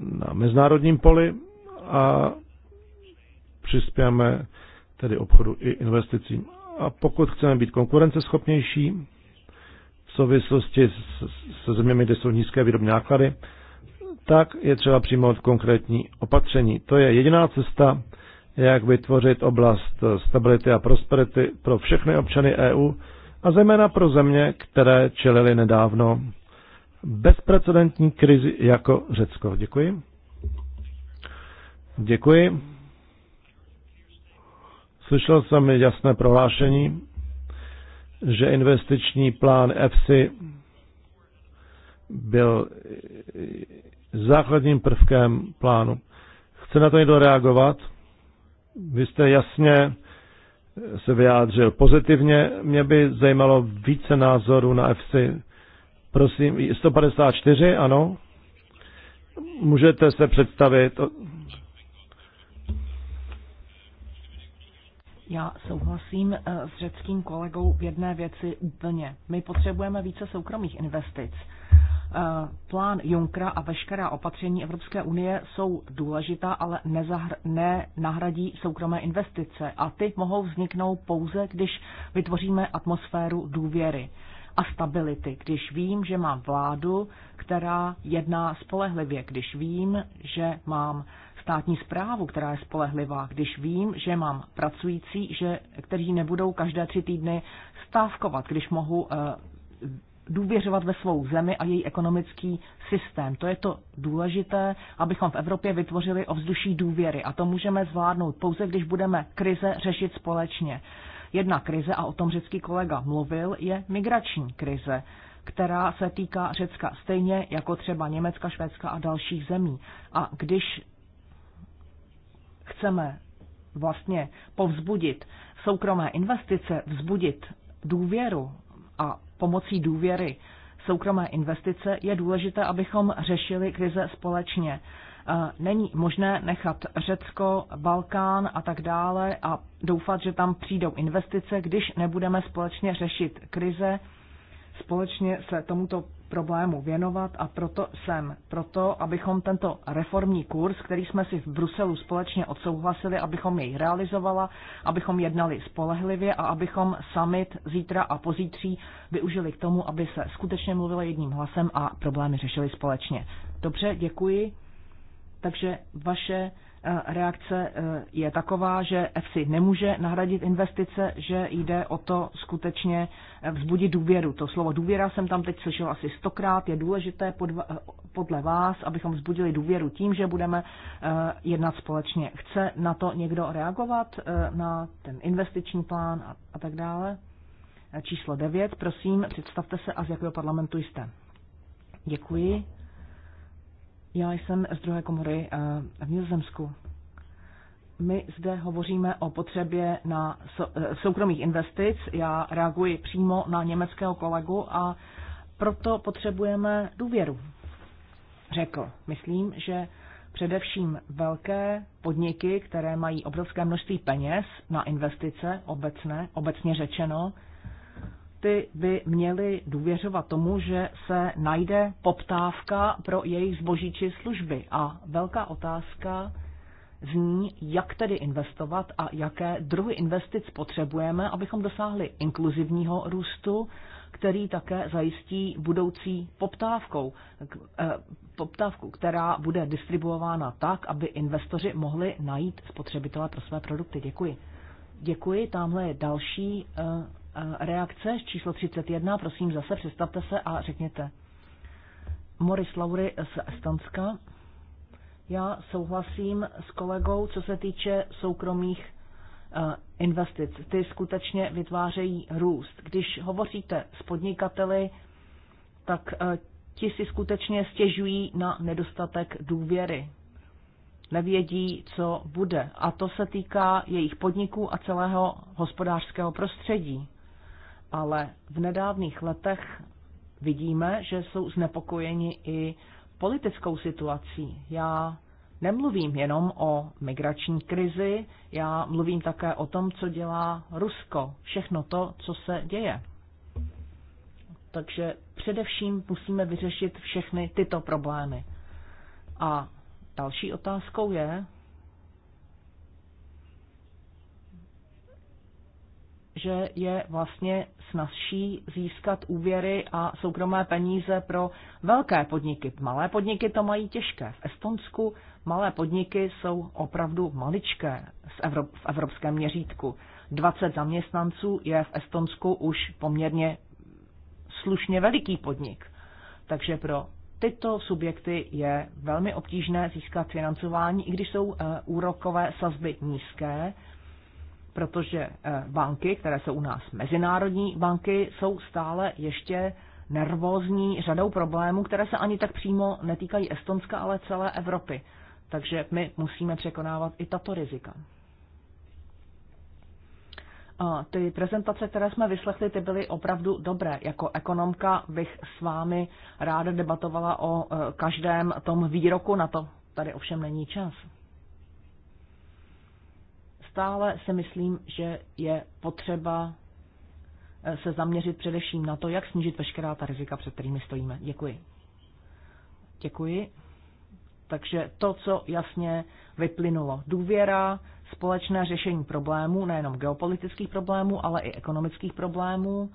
na mezinárodním poli a přispějeme tedy obchodu i investicím. A pokud chceme být konkurenceschopnější v souvislosti se zeměmi, kde jsou nízké výrobní náklady, tak je třeba přijmout konkrétní opatření. To je jediná cesta, jak vytvořit oblast stability a prosperity pro všechny občany EU a zejména pro země, které čelily nedávno bezprecedentní krizi jako Řecko. Děkuji. Děkuji. Slyšel jsem jasné prohlášení, že investiční plán EFSI byl základním prvkem plánu. Chce na to někdo reagovat? Vy jste jasně se vyjádřil pozitivně. Mě by zajímalo více názorů na EFSI. Prosím, 154, ano? Můžete se představit,
Já souhlasím eh, s řeckým kolegou v jedné věci úplně. My potřebujeme více soukromých investic. Eh, plán Junkra a veškerá opatření Evropské unie jsou důležitá, ale nezahr- nenahradí soukromé investice a ty mohou vzniknout pouze, když vytvoříme atmosféru důvěry a stability, když vím, že mám vládu, která jedná spolehlivě, když vím, že mám státní zprávu, která je spolehlivá, když vím, že mám pracující, že, kteří nebudou každé tři týdny stávkovat, když mohu eh, důvěřovat ve svou zemi a její ekonomický systém. To je to důležité, abychom v Evropě vytvořili ovzduší důvěry. A to můžeme zvládnout pouze, když budeme krize řešit společně. Jedna krize, a o tom řecký kolega mluvil, je migrační krize která se týká Řecka stejně jako třeba Německa, Švédska a dalších zemí. A když chceme vlastně povzbudit soukromé investice, vzbudit důvěru a pomocí důvěry soukromé investice, je důležité, abychom řešili krize společně. E, není možné nechat Řecko, Balkán a tak dále a doufat, že tam přijdou investice, když nebudeme společně řešit krize. Společně se tomuto problému věnovat a proto jsem proto, abychom tento reformní kurz, který jsme si v Bruselu společně odsouhlasili, abychom jej realizovala, abychom jednali spolehlivě a abychom summit zítra a pozítří využili k tomu, aby se skutečně mluvilo jedním hlasem a problémy řešili společně. Dobře, děkuji. Takže vaše Eh, reakce eh, je taková, že EFSI nemůže nahradit investice, že jde o to skutečně eh, vzbudit důvěru. To slovo důvěra jsem tam teď slyšel asi stokrát. Je důležité podle vás, abychom vzbudili důvěru tím, že budeme jednat společně. Chce na to někdo reagovat, na ten investiční plán a tak dále? Číslo 9, prosím, představte se a z jakého parlamentu jste. Děkuji. Já jsem z druhé komory eh, v Nizozemsku. My zde hovoříme o potřebě na eh, soukromých investic. Já reaguji přímo na německého kolegu a proto potřebujeme důvěru, řekl. Myslím, že především velké podniky, které mají obrovské množství peněz na investice, obecné, obecně řečeno, subjekty by měly důvěřovat tomu, že se najde poptávka pro jejich zboží či služby. A velká otázka zní, jak tedy investovat a jaké druhy investic potřebujeme, abychom dosáhli inkluzivního růstu, který také zajistí budoucí poptávkou, eh, poptávku, která bude distribuována tak, aby investoři mohli najít spotřebitele pro své produkty. Děkuji. Děkuji, tamhle je další eh, Eh, reakce číslo 31, prosím zase, představte se a řekněte. Moris Laury z Estonska. Já souhlasím s kolegou, co se týče soukromých eh, investic. Ty skutečně vytvářejí růst. Když hovoříte s podnikateli, tak eh, ti si skutečně stěžují na nedostatek důvěry. Nevědí, co bude. A to se týká jejich podniků a celého hospodářského prostředí ale v nedávných letech vidíme, že jsou znepokojeni i politickou situací. Já nemluvím jenom o migrační krizi, já mluvím také o tom, co dělá Rusko, všechno to, co se děje. Takže především musíme vyřešit všechny tyto problémy. A další otázkou je, že je vlastně snazší získat úvěry a soukromé peníze pro velké podniky. Malé podniky to mají těžké. V Estonsku malé podniky jsou opravdu maličké v evropském měřítku. 20 zaměstnanců je v Estonsku už poměrně slušně veliký podnik. Takže pro tyto subjekty je velmi obtížné získat financování, i když jsou eh, úrokové sazby nízké, protože eh, banky, které jsou u nás mezinárodní banky, jsou stále ještě nervózní řadou problémů, které se ani tak přímo netýkají Estonska, ale celé Evropy. Takže my musíme překonávat i tato rizika. A ty prezentace, které jsme vyslechli, ty byly opravdu dobré. Jako ekonomka bych s vámi ráda debatovala o eh, každém tom výroku, na to tady ovšem není čas stále si myslím, že je potřeba eh, se zaměřit především na to, jak snížit veškerá ta rizika, před kterými stojíme. Děkuji. Děkuji. Takže to, co jasně vyplynulo. Důvěra, společné řešení problémů, nejenom geopolitických problémů, ale i ekonomických problémů.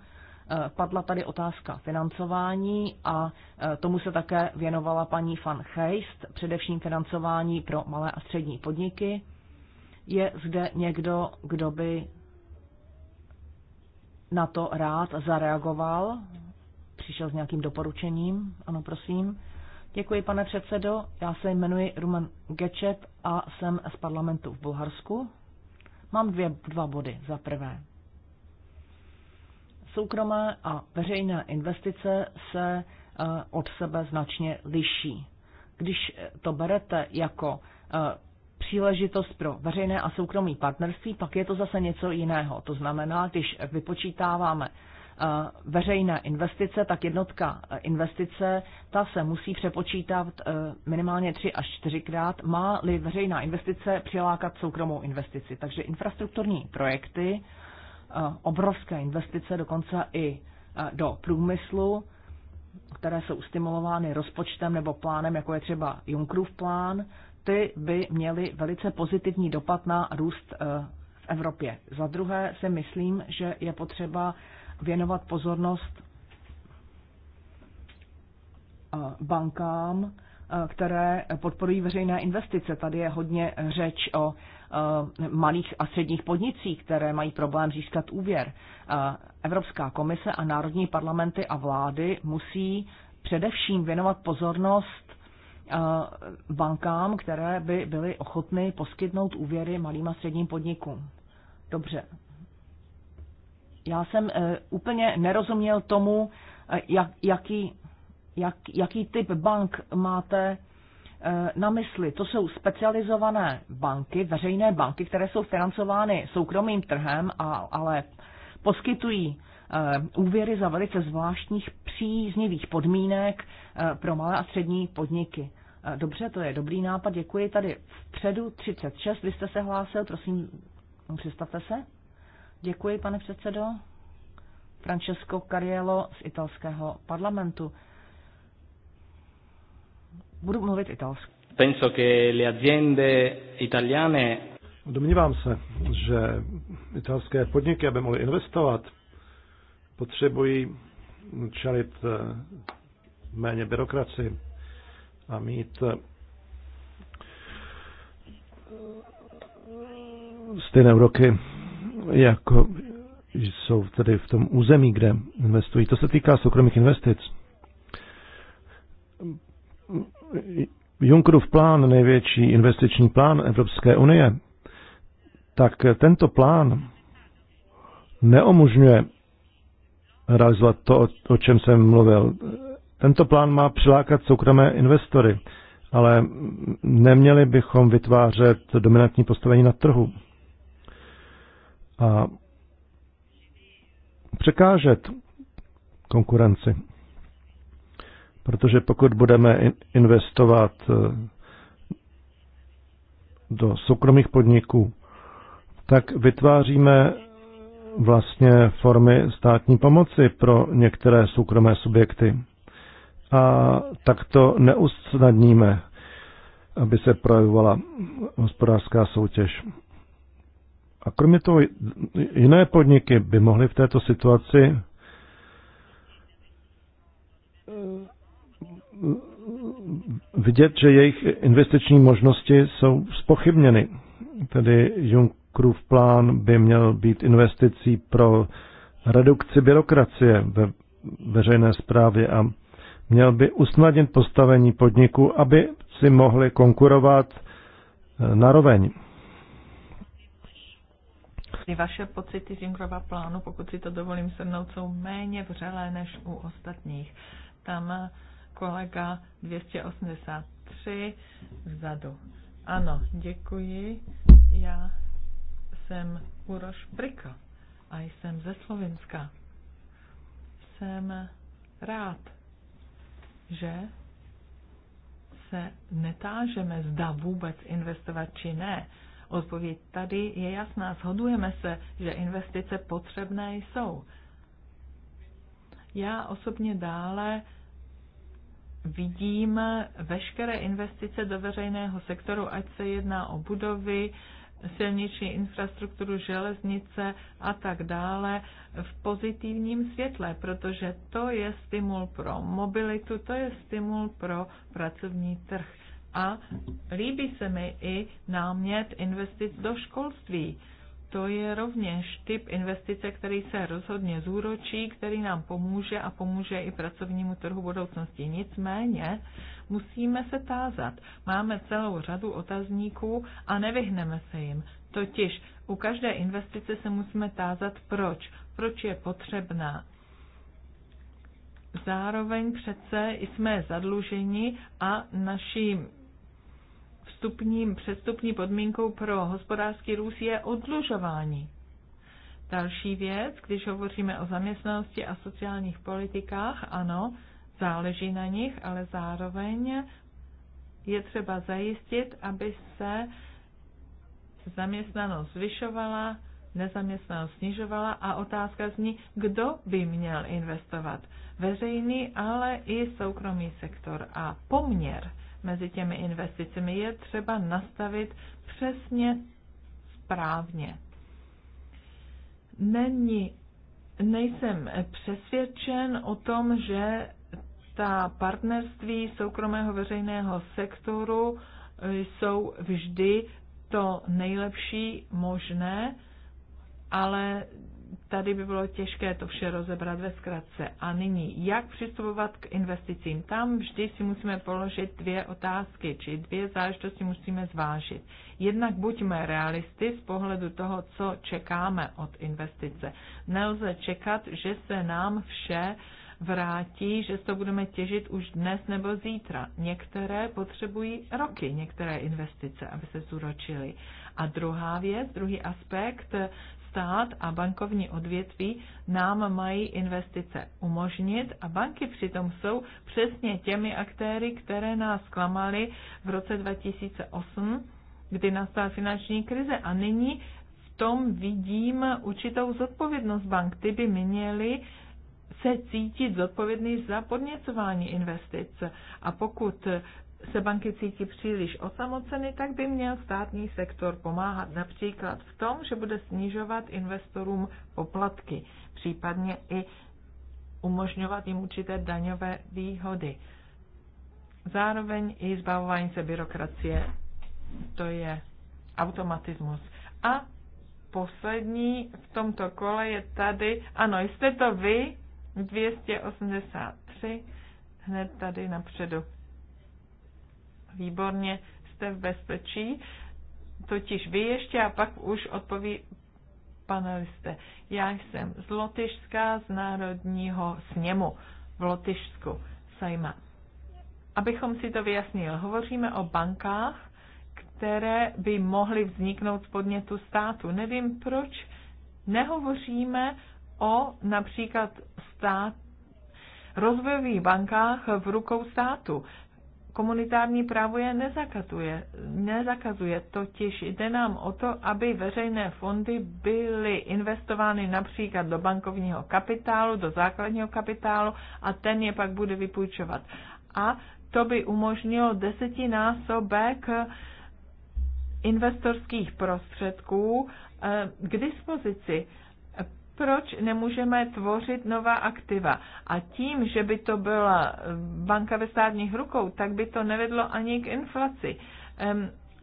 Eh, padla tady otázka financování a eh, tomu se také věnovala paní van Heist, především financování pro malé a střední podniky. Je zde někdo, kdo by na to rád zareagoval? Přišel s nějakým doporučením? Ano, prosím. Děkuji, pane předsedo. Já se jmenuji Ruman Gečet a jsem z parlamentu v Bulharsku. Mám dvě, dva body. Za prvé, soukromé a veřejné investice se eh, od sebe značně liší. Když to berete jako eh, příležitost pro veřejné a soukromé partnerství, pak je to zase něco jiného. To znamená, když vypočítáváme eh, veřejné investice, tak jednotka eh, investice, ta se musí přepočítat eh, minimálně tři až čtyřikrát, má-li veřejná investice přilákat soukromou investici. Takže infrastrukturní projekty, obrovské investice, dokonce i do průmyslu, které jsou stimulovány rozpočtem nebo plánem, jako je třeba Junckerův plán, ty by měly velice pozitivní dopad na růst eh, v Evropě. Za druhé si myslím, že je potřeba věnovat pozornost eh, bankám, eh, které podporují veřejné investice. Tady je hodně řeč o malých a středních podnicích, které mají problém získat úvěr. Evropská komise a národní parlamenty a vlády musí především věnovat pozornost Eh, bankám, které by byly ochotny poskytnout úvěry malým a středním podnikům. Dobře. Já jsem eh, úplně nerozuměl tomu, eh, jak, jaký, jak, jaký typ bank máte na mysli. To jsou specializované banky, veřejné banky, které jsou financovány soukromým trhem, a, ale poskytují úvěry za velice zvláštních příznivých podmínek pro malé a střední podniky. Eh, dobře, to je dobrý nápad, děkuji. Tady vpředu 36, vy jste se hlásil, prosím, představte se. Děkuji, pane předsedo. Francesco Cariello z italského parlamentu. Budu mluvit italsky.
Penso che le aziende italiane...
Domnívám se, že italské podniky, aby mohly investovat, potřebují čelit eh, méně byrokracii a mít eh, stejné úroky, jako jsou tedy v tom území, kde investují. To se týká soukromých investic. Junckerův plán, největší investiční plán Evropské unie, tak tento plán neumožňuje realizovat to, o čem jsem mluvil, tento plán má přilákat soukromé investory, ale neměli bychom vytvářet dominantní postavení na trhu. A překážet konkurenci. Protože pokud budeme investovat eh, do soukromých podniků, tak vytváříme vlastně formy státní pomoci pro některé soukromé subjekty a tak to neusnadníme, aby se projevovala hospodářská soutěž. A kromě toho jiné podniky by mohly v této situaci eh, vidět, že jejich investiční možnosti jsou spochybněny. Tedy Junckerův plán by měl být investicí pro redukci byrokracie ve veřejné správě a měl by usnadnit postavení podniku, aby si mohli konkurovat eh, na naroveň.
Vaše pocity z Junckerova plánu, pokud si to dovolím shrnout, jsou méně vřelé než u ostatních. Tam eh, kolega 283 vzadu. Ano, děkuji. Já jsem Uroš Prikl a jsem ze Slovenska. Jsem rád, že se netážeme, zda vůbec investovat či ne. Odpověď tady je jasná. Shodujeme se, že investice potřebné jsou. Já osobně dále vidím veškeré investice do veřejného sektoru, ať se jedná o budovy, silniční infrastrukturu, železnice a tak dále v pozitivním světle, protože to je stimul pro mobilitu, to je stimul pro pracovní trh. A líbí se mi i námět investic do školství to je rovněž typ investice, který se rozhodně zúročí, který nám pomůže a pomůže i pracovnímu trhu budoucnosti. Nicméně musíme se tázat. Máme celou řadu otazníků a nevyhneme se jim. Totiž u každé investice se musíme tázat, proč. Proč je potřebná. Zároveň přece jsme zadluženi a naším vstupním, předstupní podmínkou pro hospodářský růst je odlužování. Další věc, když hovoříme o zaměstnanosti a sociálních politikách, ano, záleží na nich, ale zároveň je třeba zajistit, aby se zaměstnanost zvyšovala, nezaměstnanost snižovala a otázka zní, kdo by měl investovat. Veřejný, ale i soukromý sektor a poměr mezi těmi investicemi, je třeba nastavit přesně správně. Není, nejsem přesvědčen o tom, že ta partnerství soukromého veřejného sektoru jsou vždy to nejlepší možné, ale tady by bylo těžké to vše rozebrat ve zkratce. A nyní, jak přistupovat k investicím? Tam vždy si musíme položit dvě otázky, či dvě záležitosti musíme zvážit. Jednak buďme realisty z pohledu toho, co čekáme od investice. Nelze čekat, že se nám vše vrátí, že to budeme těžit už dnes nebo zítra. Některé potřebují roky, některé investice, aby se zúročily. A druhá věc, druhý aspekt, stát a bankovní odvětví nám mají investice umožnit a banky přitom jsou přesně těmi aktéry, které nás klamaly v roce 2008, kdy nastala finanční krize a nyní v tom vidím určitou zodpovědnost bank. Ty by měly se cítit zodpovědný za podněcování investic. A pokud se banky cítí příliš osamoceny, tak by měl státní sektor pomáhat například v tom, že bude snižovat investorům poplatky, případně i umožňovat jim určité daňové výhody. Zároveň i zbavování se byrokracie, to je automatismus. A poslední v tomto kole je tady, ano, jste to vy, 283, hned tady napředu výborně jste v bezpečí, totiž vy ještě a pak už odpoví panelisté. Já jsem z Lotyšska, z Národního sněmu v Lotyšsku, Sajma. Abychom si to vyjasnili, hovoříme o bankách, které by mohly vzniknout z podnětu státu. Nevím, proč nehovoříme o například stát, rozvojových bankách v rukou státu komunitární právo je nezakazuje. nezakazuje. Totiž jde nám o to, aby veřejné fondy byly investovány například do bankovního kapitálu, do základního kapitálu a ten je pak bude vypůjčovat. A to by umožnilo desetinásobek investorských prostředků eh, k dispozici proč nemůžeme tvořit nová aktiva. A tím, že by to byla banka ve státních rukou, tak by to nevedlo ani k inflaci.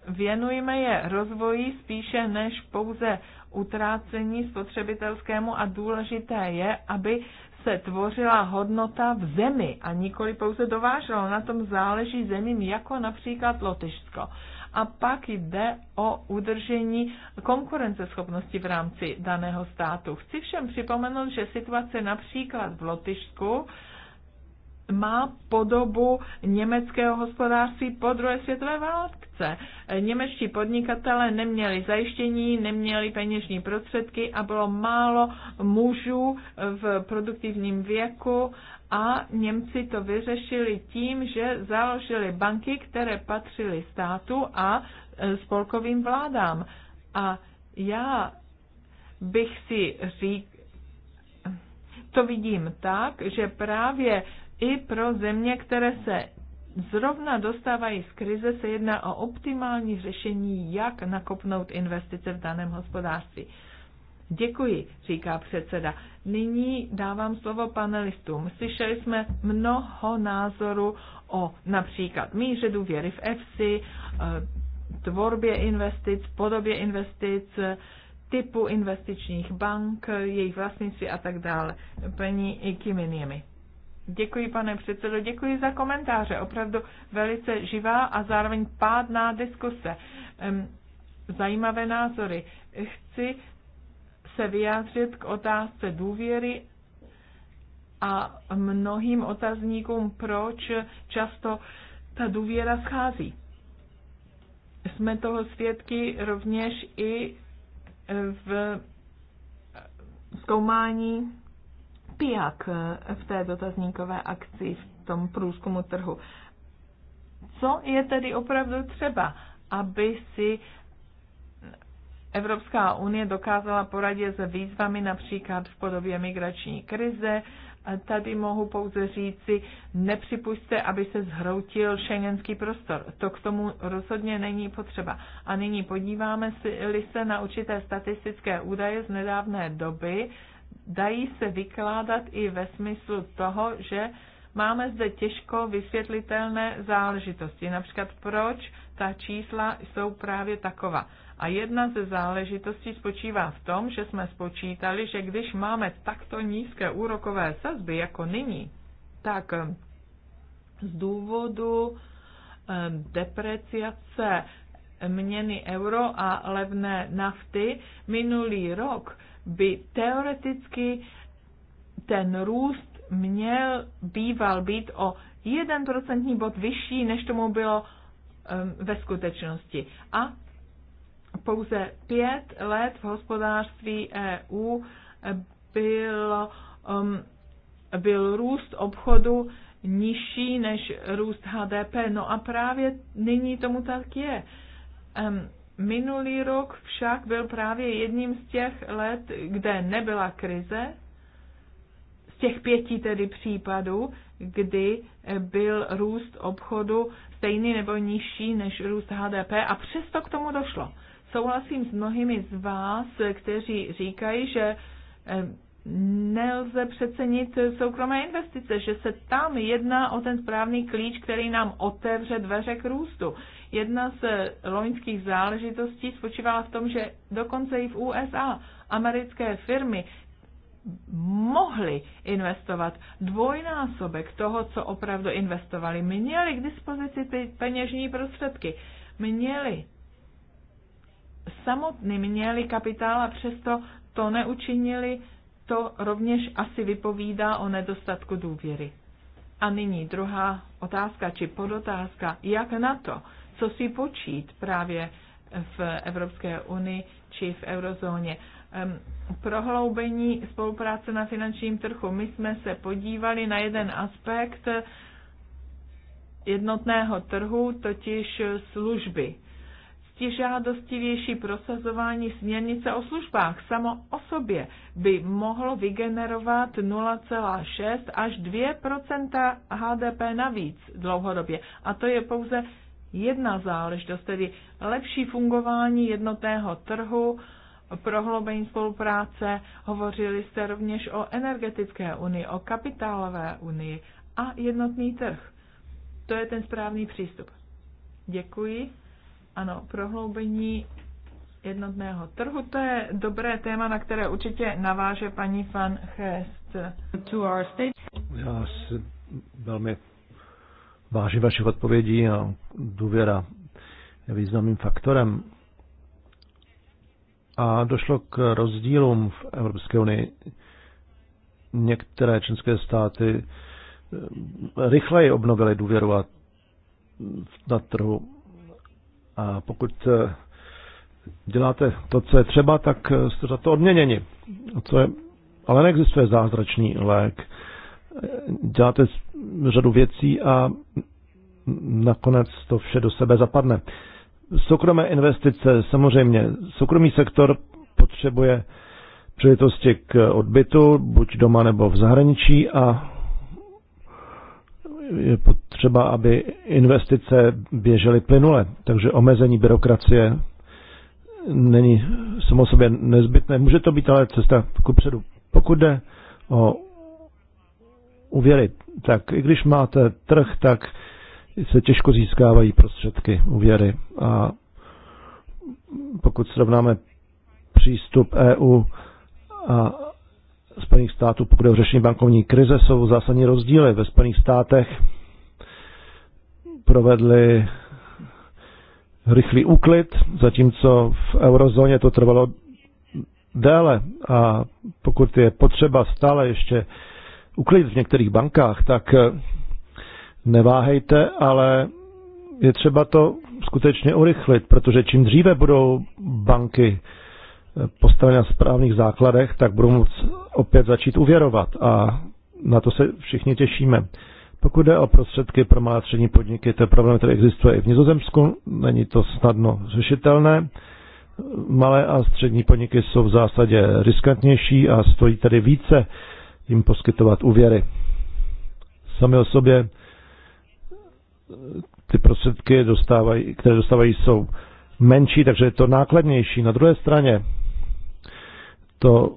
Věnujeme je rozvoji spíše než pouze utrácení spotřebitelskému a důležité je, aby se tvořila hodnota v zemi a nikoli pouze dovážela. Na tom záleží zemím jako například Lotyšsko a pak jde o udržení konkurenceschopnosti v rámci daného státu. Chci všem připomenout, že situace například v Lotyšsku má podobu německého hospodářství po druhé světové válce. Němečtí podnikatele neměli zajištění, neměli peněžní prostředky a bylo málo mužů v produktivním věku a Němci to vyřešili tím, že založili banky, které patřily státu a e, spolkovým vládám. A já bych si řík, to vidím tak, že právě i pro země, které se zrovna dostávají z krize, se jedná o optimální řešení, jak nakopnout investice v daném hospodářství. Děkuji, říká předseda. Nyní dávám slovo panelistům. Slyšeli jsme mnoho názorů o například míře důvěry v EFSI, eh, tvorbě investic, podobě investic, typu investičních bank, jejich vlastnictví a tak dále. Paní Ikiminiemi. Děkuji, pane předsedo, děkuji za komentáře. Opravdu velice živá a zároveň pádná diskuse. Zajímavé názory. Chci se vyjádřit k otázce důvěry a mnohým otazníkům, proč často ta důvěra schází. Jsme toho svědky rovněž i v zkoumání PIAK v té dotazníkové akci, v tom průzkumu trhu. Co je tedy opravdu třeba, aby si Evropská unie dokázala poradit s výzvami například v podobě migrační krize. A tady mohu pouze říci, nepřipuste, aby se zhroutil šengenský prostor. To k tomu rozhodně není potřeba. A nyní podíváme se na určité statistické údaje z nedávné doby. Dají se vykládat i ve smyslu toho, že máme zde těžko vysvětlitelné záležitosti. Například proč ta čísla jsou právě taková. A jedna ze záležitostí spočívá v tom, že jsme spočítali, že když máme takto nízké úrokové sazby jako nyní, tak eh, z důvodu eh, depreciace měny euro a levné nafty minulý rok by teoreticky ten růst měl býval být o 1% bod vyšší, než tomu bylo eh, ve skutečnosti. A pouze pět let v hospodářství EU byl, um, byl růst obchodu nižší než růst HDP. No a právě nyní tomu tak je. Um, minulý rok však byl právě jedním z těch let, kde nebyla krize, z těch pěti tedy případů, kdy byl růst obchodu stejný nebo nižší než růst HDP a přesto k tomu došlo. Souhlasím s mnohými z vás, kteří říkají, že eh, nelze přecenit soukromé investice, že se tam jedná o ten správný klíč, který nám otevře dveře k růstu. Jedna z loňských záležitostí spočívala v tom, že dokonce i v USA americké firmy mohli investovat dvojnásobek toho, co opravdu investovali. Měli k dispozici ty peněžní prostředky, měli samotny měli kapitál a přesto to neučinili, to rovněž asi vypovídá o nedostatku důvěry. A nyní druhá otázka či podotázka, jak na to, co si počít právě v Evropské unii či v eurozóně. Prohloubení spolupráce na finančním trhu. My jsme se podívali na jeden aspekt jednotného trhu, totiž služby žádostivější prosazování směrnice o službách samo o sobě by mohlo vygenerovat 0,6 až 2 HDP navíc dlouhodobě. A to je pouze jedna záležitost, tedy lepší fungování jednotného trhu, prohloubení spolupráce. Hovořili jste rovněž o energetické unii, o kapitálové unii a jednotný trh. To je ten správný přístup. Děkuji. Ano, prohloubení jednotného trhu, to je dobré téma, na které určitě naváže paní van Hest.
Já si velmi vážím vašich odpovědí a důvěra je významným faktorem. A došlo k rozdílům v Evropské unii. Některé členské státy eh, rychleji obnovily důvěru a na trhu a pokud eh, děláte to, co je třeba, tak eh, jste za to odměněni. Co je, ale neexistuje zázračný lék. Eh, děláte řadu věcí a nakonec to vše do sebe zapadne. Soukromé investice, samozřejmě, soukromý sektor potřebuje příležitosti k odbytu, buď doma nebo v zahraničí a je potřeba, aby investice běžely plynule, takže omezení byrokracie není samo sobě nezbytné. Může to být ale cesta ku předu. Pokud jde o uvěry, tak i když máte trh, tak se těžko získávají prostředky, uvěry. A pokud srovnáme přístup EU a Spojených států, pokud je o řešení bankovní krize, jsou zásadní rozdíly. Ve Spojených státech provedli rychlý úklid, zatímco v eurozóně to trvalo déle a pokud je potřeba stále ještě uklidit v některých bankách, tak eh, neváhejte, ale je třeba to skutečně urychlit, protože čím dříve budou banky postavené na správných základech, tak budou moct opět začít uvěrovat a na to se všichni těšíme. Pokud jde o prostředky pro malé střední podniky, je problém, který existuje i v Nizozemsku, není to snadno řešitelné. Malé a střední podniky jsou v zásadě riskantnější a stojí tedy více jim poskytovat úvěry. Sami o sobě eh, ty prostředky, dostávají, které dostávají, jsou menší, takže je to nákladnější. Na druhé straně to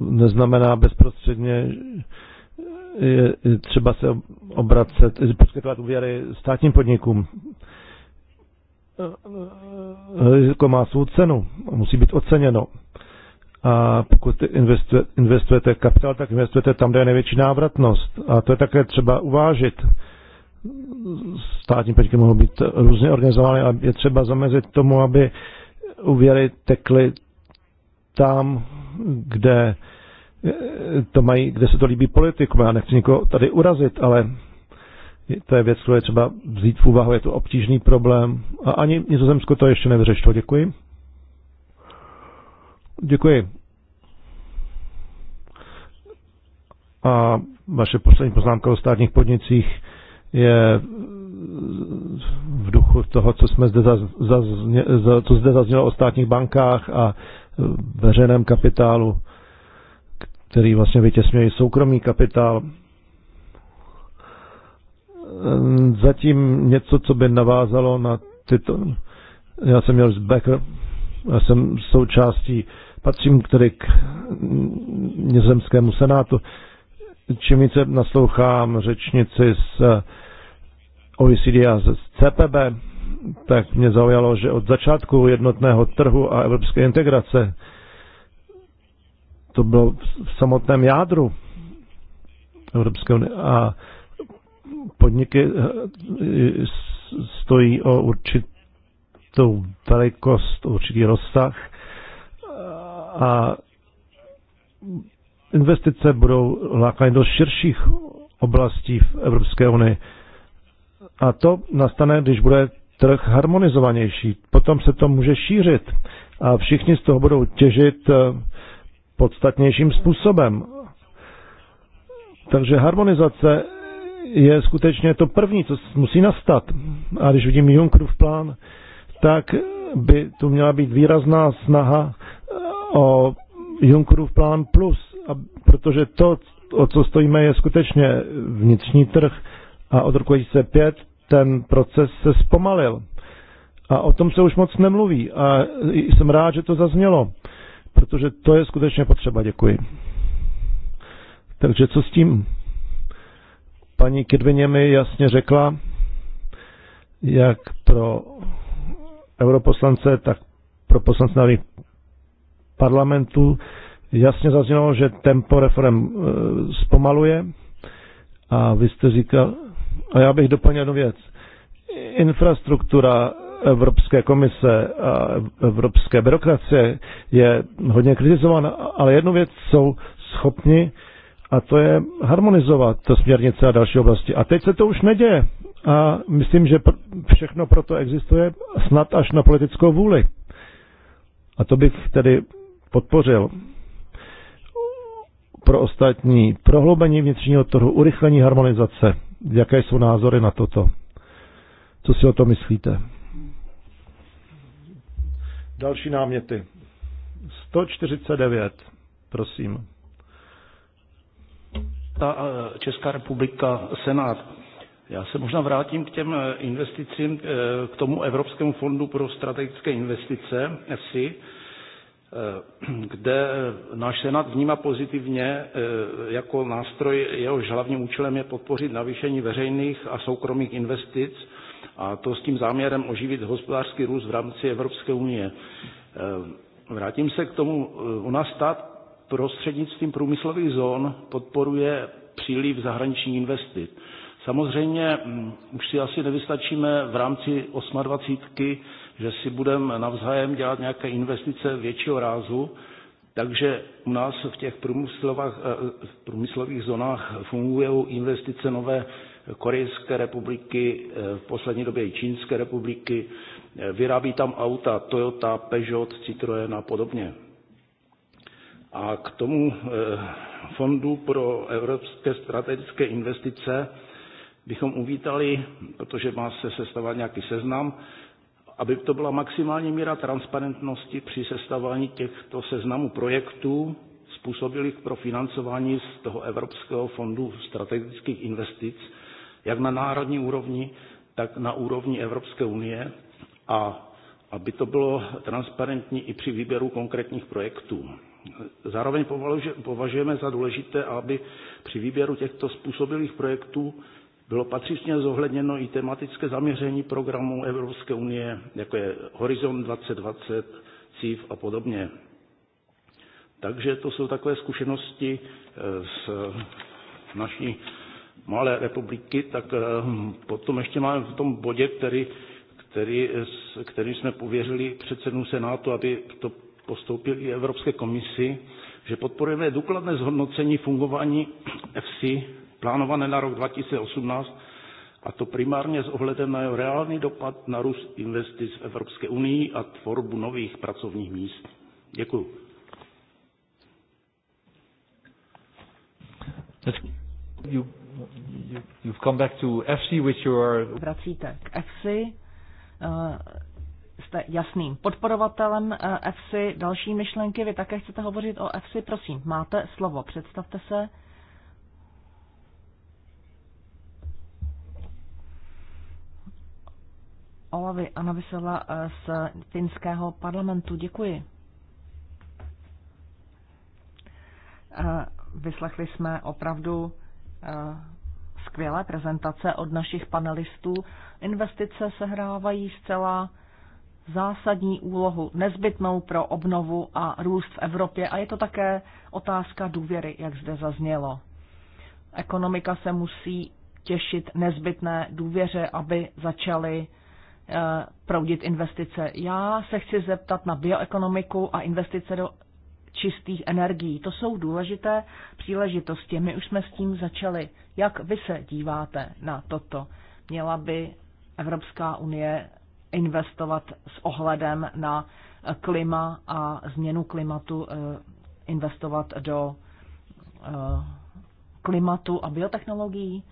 neznamená bezprostředně, je třeba se obracet, poskytovat úvěry státním podnikům. Riziko má svou cenu, musí být oceněno. A pokud investujete, kapitál, tak investujete tam, kde je největší návratnost. A to je také třeba uvážit. Státní podniky mohou být různě organizovány a je třeba zamezit tomu, aby úvěry tekly tam, kde eh, to mají, kde se to líbí politikům. Já nechci nikoho tady urazit, ale to je věc, kterou je třeba vzít v úvahu, je to obtížný problém. A ani Nizozemsko to ještě nevyřešilo. Děkuji. Děkuji. A vaše poslední poznámka o státních podnicích je v duchu toho, co, jsme zde zazně, co zde zaznělo o státních bankách a veřejném kapitálu, který vlastně vytěsňuje soukromý kapitál. Zatím něco, co by navázalo na tyto... Já jsem měl z Becker, já jsem součástí, patřím tedy k nězemskému senátu. Čím více naslouchám řečnici z OECD a z CPB, tak mě zaujalo, že od začátku jednotného trhu a evropské integrace to bylo v samotném jádru Evropské unie a podniky eh, eh, stojí o určitou velikost, určitý rozsah a investice budou lákány do širších oblastí v Evropské unii. A to nastane, když bude trh harmonizovanější. Potom se to může šířit a všichni z toho budou těžit eh, podstatnějším způsobem. Takže harmonizace je skutečně to první, co musí nastat. A když vidím Junckerův plán, tak by tu měla být výrazná snaha eh, o Junckerův plán plus, a protože to, o co stojíme, je skutečně vnitřní trh a od roku 2005 ten proces se zpomalil. A o tom se už moc nemluví. A jsem rád, že to zaznělo, protože to je skutečně potřeba. Děkuji. Takže co s tím? Paní Kedvině mi jasně řekla, jak pro europoslance, tak pro poslance národních parlamentů jasně zaznělo, že tempo reform eh, zpomaluje. A vy jste říkal, a já bych doplnil jednu věc. Infrastruktura Evropské komise a evropské byrokracie je hodně kritizována, ale jednu věc jsou schopni a to je harmonizovat to směrnice a další oblasti. A teď se to už neděje. A myslím, že všechno proto existuje snad až na politickou vůli. A to bych tedy podpořil pro ostatní prohloubení vnitřního trhu, urychlení harmonizace. Jaké jsou názory na toto? Co si o to myslíte? Další náměty. 149, prosím.
Ta eh, Česká republika, Senát. Já se možná vrátím k těm eh, investicím, eh, k tomu Evropskému fondu pro strategické investice, ESI Eh, kde eh, náš Senát vnímá pozitivně eh, jako nástroj, jehož hlavním účelem je podpořit navýšení veřejných a soukromých investic a to s tím záměrem oživit hospodářský růst v rámci Evropské unie. Vrátím se k tomu, u nás stát prostřednictvím průmyslových zón podporuje příliv zahraničních investic. Samozřejmě mm, už si asi nevystačíme v rámci 28 že si budeme navzájem dělat nějaké investice většího rázu, takže u nás v těch eh, průmyslových zónách fungují investice nové Korejské republiky, eh, v poslední době i Čínské republiky. Eh, vyrábí tam auta Toyota, Peugeot, Citroën a podobně. A k tomu fondu pro evropské strategické investice bychom uvítali, protože má se sestavovat nějaký seznam, aby to byla maximální míra transparentnosti při sestavování těchto seznamů projektů způsobilých pro financování z toho Evropského fondu strategických investic, jak na národní úrovni, tak na úrovni Evropské unie a aby to bylo transparentní i při výběru konkrétních projektů. Zároveň považujeme za důležité, aby při výběru těchto způsobilých projektů bylo patřičně zohledněno i tematické zaměření programů Evropské unie, jako je Horizont 2020, CIF a podobně. Takže to jsou takové zkušenosti eh, z naší malé republiky, tak eh, potom ještě máme v tom bodě, který, který, který jsme pověřili předsedům Senátu, aby to postoupil i Evropské komisi, že podporujeme důkladné zhodnocení fungování EFSI plánované na rok 2018, a to primárně s ohledem na jeho reálný dopad na růst investic v Evropské unii a tvorbu nových pracovních míst. Děkuji.
You, you, you've come back to FC,
which you are...
Vracíte k EFSI, eh, jste jasným podporovatelem eh, FC EFSI. Další myšlenky, vy také chcete hovořit o EFSI, prosím, máte slovo, představte se. Olavy Anabisela eh, z finského parlamentu. Děkuji. Eh, vyslechli jsme opravdu eh, skvělé prezentace od našich panelistů. Investice sehrávají zcela zásadní úlohu, nezbytnou pro obnovu a růst v Evropě a je to také otázka důvěry, jak zde zaznělo. Ekonomika se musí těšit nezbytné důvěře, aby začaly Eh, proudit investice. Já se chci zeptat na bioekonomiku a investice do čistých energií. To jsou důležité příležitosti. My už jsme s tím začali. Jak vy se díváte na toto? Měla by Evropská unie investovat s ohledem na klima a změnu klimatu, eh, investovat do eh, klimatu a biotechnologií?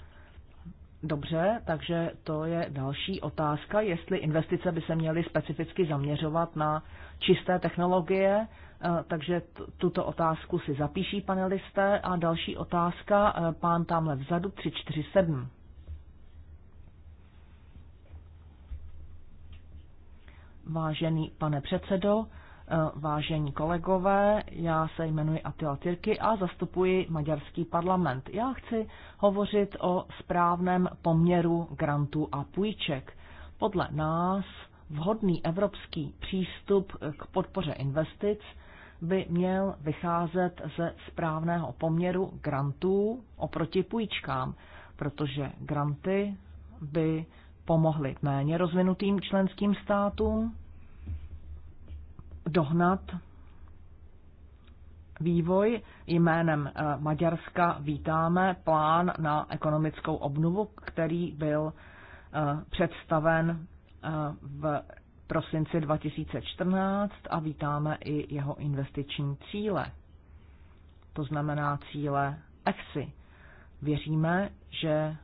Dobře, takže to je další otázka, jestli investice by se měly specificky zaměřovat na čisté technologie, eh, takže tuto otázku si zapíší panelisté. A další otázka, eh, pán tamhle vzadu, 347. Vážený pane předsedo, Eh, vážení kolegové, já se jmenuji Attila Tyrky a zastupuji maďarský parlament. Já chci hovořit o správném poměru grantů a půjček. Podle nás vhodný evropský přístup k podpoře investic by měl vycházet ze správného poměru grantů oproti půjčkám, protože granty by pomohly méně rozvinutým členským státům dohnat vývoj. Jménem eh, Maďarska vítáme plán na ekonomickou obnovu, který byl eh, představen eh, v prosinci 2014 a vítáme i jeho investiční cíle, to znamená cíle EFSI. Věříme, že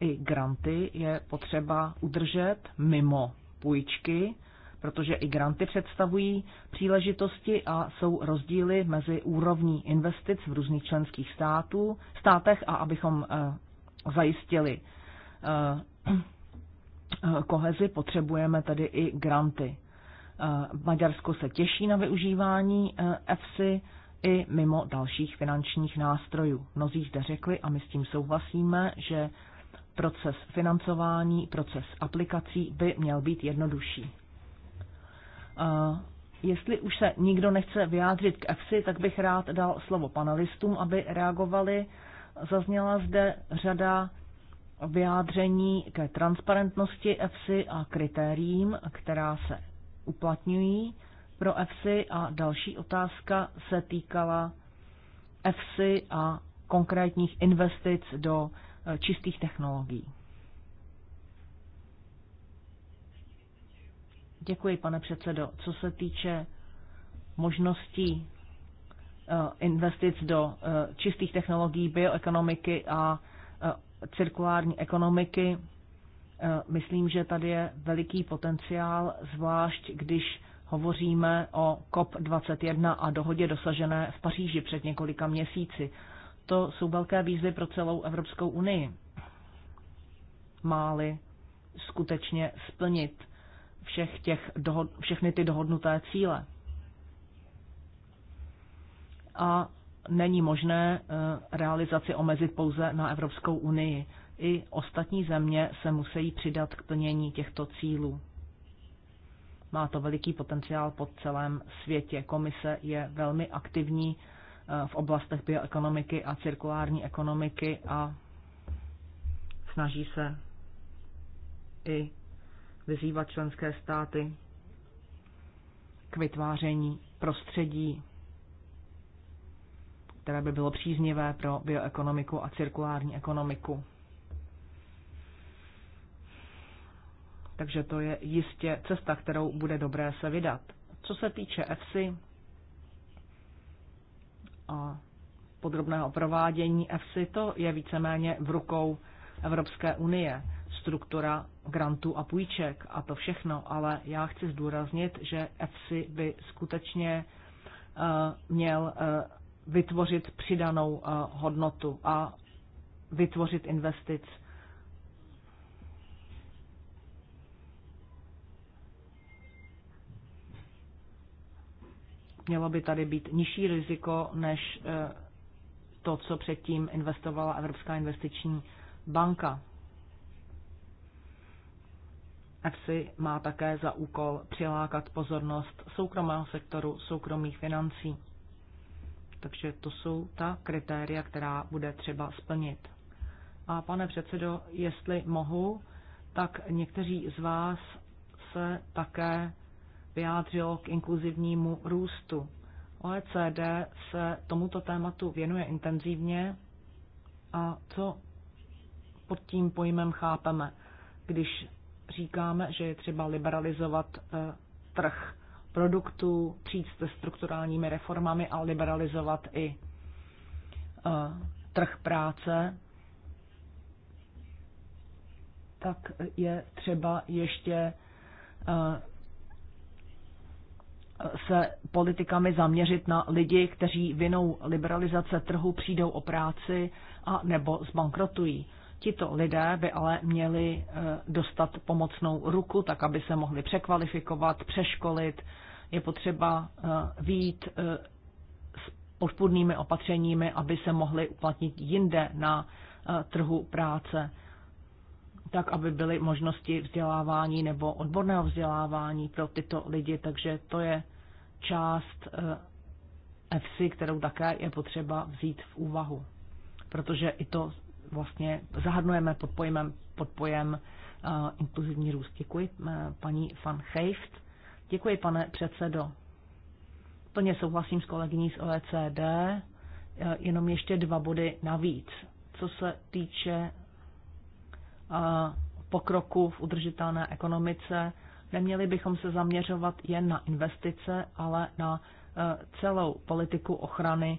i granty je potřeba udržet mimo půjčky, protože i granty představují příležitosti a jsou rozdíly mezi úrovní investic v různých členských států, státech a abychom eh, zajistili eh, eh, kohezi, potřebujeme tedy i granty. Maďarsko se těší na využívání EFSI i mimo dalších finančních nástrojů. Mnozí zde řekli, a my s tím souhlasíme, že proces financování, proces aplikací by měl být jednodušší. Eh, jestli už se nikdo nechce vyjádřit k EFSI, tak bych rád dal slovo panelistům, aby reagovali. Zazněla zde řada vyjádření ke transparentnosti EFSI a kritériím, která se uplatňují pro EFSI a další otázka se týkala EFSI a konkrétních investic do eh, čistých technologií. Děkuji, pane předsedo. Co se týče možností eh, investic do eh, čistých technologií, bioekonomiky a eh, cirkulární ekonomiky, myslím, že tady je veliký potenciál, zvlášť když hovoříme o COP21 a dohodě dosažené v Paříži před několika měsíci. To jsou velké výzvy pro celou Evropskou unii. Máli skutečně splnit všech těch dohod, všechny ty dohodnuté cíle. A není možné eh, realizaci omezit pouze na Evropskou unii. I ostatní země se musí přidat k plnění těchto cílů. Má to veliký potenciál po celém světě. Komise je velmi aktivní eh, v oblastech bioekonomiky a cirkulární ekonomiky a snaží se i vyzývat členské státy k vytváření prostředí, které by bylo příznivé pro bioekonomiku a cirkulární ekonomiku. Takže to je jistě cesta, kterou bude dobré se vydat. Co se týče EFSI a podrobného provádění EFSI, to je víceméně v rukou Evropské unie struktura grantů a půjček a to všechno, ale já chci zdůraznit, že EFSI by skutečně eh, měl eh, vytvořit přidanou eh, hodnotu a vytvořit investic. Mělo by tady být nižší riziko než to, co předtím investovala Evropská investiční banka. EFSI má také za úkol přilákat pozornost soukromého sektoru, soukromých financí. Takže to jsou ta kritéria, která bude třeba splnit. A pane předsedo, jestli mohu, tak někteří z vás se také vyjádřilo k inkluzivnímu růstu. OECD se tomuto tématu věnuje intenzivně a co pod tím pojmem chápeme, když říkáme, že je třeba liberalizovat eh, trh produktů, přijít se strukturálními reformami a liberalizovat i eh, trh práce, tak je třeba ještě eh, se politikami zaměřit na lidi, kteří vinou liberalizace trhu přijdou o práci a nebo zbankrotují. Tito lidé by ale měli eh, dostat pomocnou ruku, tak aby se mohli překvalifikovat, přeškolit. Je potřeba eh, výjít eh, s podpůrnými opatřeními, aby se mohli uplatnit jinde na trhu práce, tak aby byly možnosti vzdělávání nebo odborného vzdělávání pro tyto lidi. Takže to je část EFSI, kterou také je potřeba vzít v úvahu, protože i to vlastně zahrnujeme pod pojmem, pod pojem uh, inkluzivní růst. Děkuji, uh, paní van Heift. Děkuji, pane předsedo. Plně souhlasím s kolegyní z OECD, uh, eh, jenom ještě dva body navíc. Co se týče uh, pokroku v udržitelné ekonomice, neměli bychom se zaměřovat jen na investice, ale na celou politiku ochrany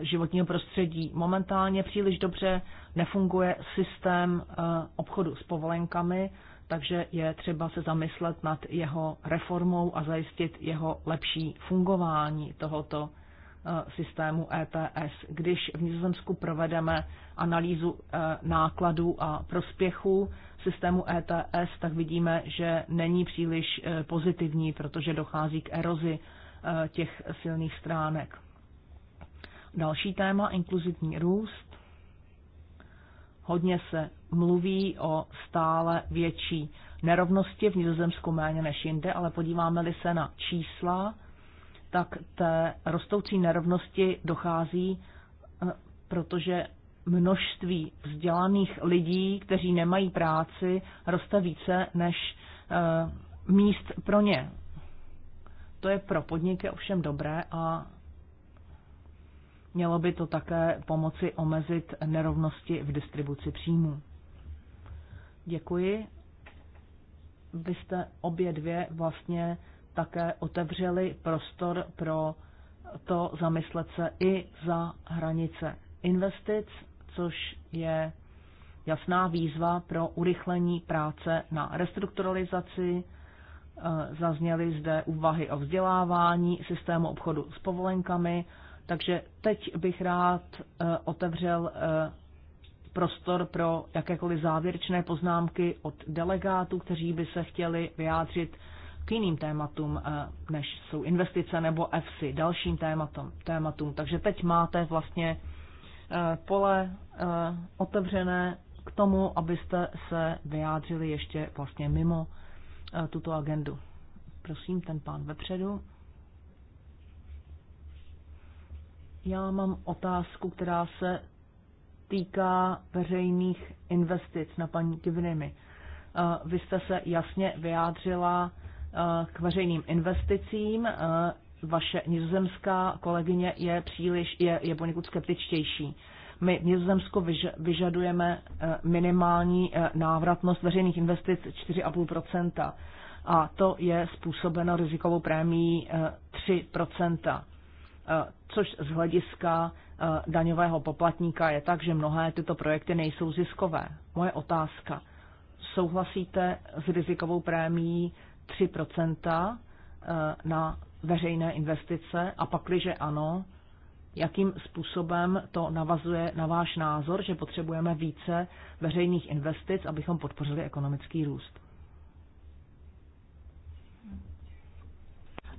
životního prostředí. Momentálně příliš dobře nefunguje systém eh, obchodu s povolenkami, takže je třeba se zamyslet nad jeho reformou a zajistit jeho lepší fungování tohoto eh, systému ETS. Když v Nizozemsku provedeme analýzu eh, nákladů a prospěchů systému ETS, tak vidíme, že není příliš pozitivní, protože dochází k erozi těch silných stránek. Další téma, inkluzivní růst. Hodně se mluví o stále větší nerovnosti v Nizozemsku méně než jinde, ale podíváme-li se na čísla, tak té rostoucí nerovnosti dochází, eh, protože množství vzdělaných lidí, kteří nemají práci, roste více než eh, míst pro ně. To je pro podniky ovšem dobré a Mělo by to také pomoci omezit nerovnosti v distribuci příjmů. Děkuji. Vy jste obě dvě vlastně také otevřeli prostor pro to zamyslet se i za hranice investic, což je jasná výzva pro urychlení práce na restrukturalizaci. Zazněly zde úvahy o vzdělávání, systému obchodu s povolenkami takže teď bych rád eh, otevřel eh, prostor pro jakékoliv závěrečné poznámky od delegátů, kteří by se chtěli vyjádřit k jiným tématům, eh, než jsou investice nebo EFSI, dalším tématům. tématům. Takže teď máte vlastně pole otevřené k tomu, abyste se vyjádřili ještě vlastně mimo tuto agendu. Prosím, ten pán vepředu. Já mám otázku, která se týká veřejných investic na paní Kivnymi. Eh, vy jste se jasně vyjádřila eh, k veřejným investicím. Eh, vaše nizozemská kolegyně je příliš, je, je poněkud skeptičtější. My v Nizozemsku vyž, vyžadujeme minimální návratnost veřejných investic 4,5 a to je způsobeno rizikovou prémií 3 Eh, což z hlediska eh, daňového poplatníka je tak, že mnohé tyto projekty nejsou ziskové. Moje otázka. Souhlasíte s rizikovou prémií 3 eh, na veřejné investice a pak, když ano, jakým způsobem to navazuje na váš názor, že potřebujeme více veřejných investic, abychom podpořili ekonomický růst?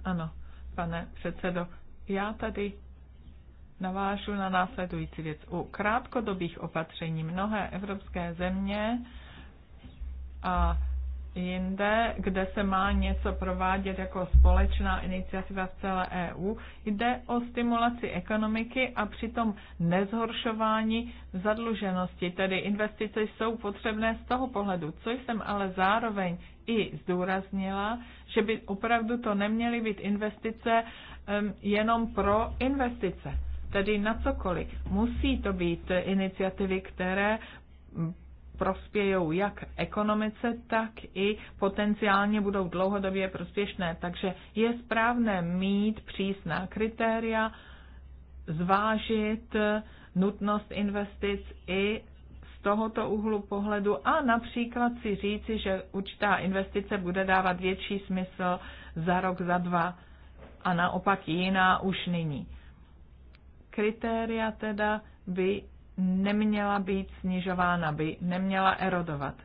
Ano, pane předsedo, já tady navážu na následující věc. U krátkodobých opatření mnohé evropské země a jinde, kde se má něco provádět jako společná iniciativa v celé EU, jde o stimulaci ekonomiky a přitom nezhoršování zadluženosti, tedy investice jsou potřebné z toho pohledu, co jsem ale zároveň i zdůraznila, že by opravdu to neměly být investice jenom pro investice, tedy na cokoliv. Musí to být iniciativy, které mm, prospějou jak ekonomice, tak i potenciálně budou dlouhodobě prospěšné. Takže je správné mít přísná kritéria, zvážit eh, nutnost investic i z tohoto úhlu pohledu a například si říci, že určitá investice bude dávat větší smysl za rok, za dva, a naopak jiná už nyní. Kritéria teda by neměla být snižována, by neměla erodovat.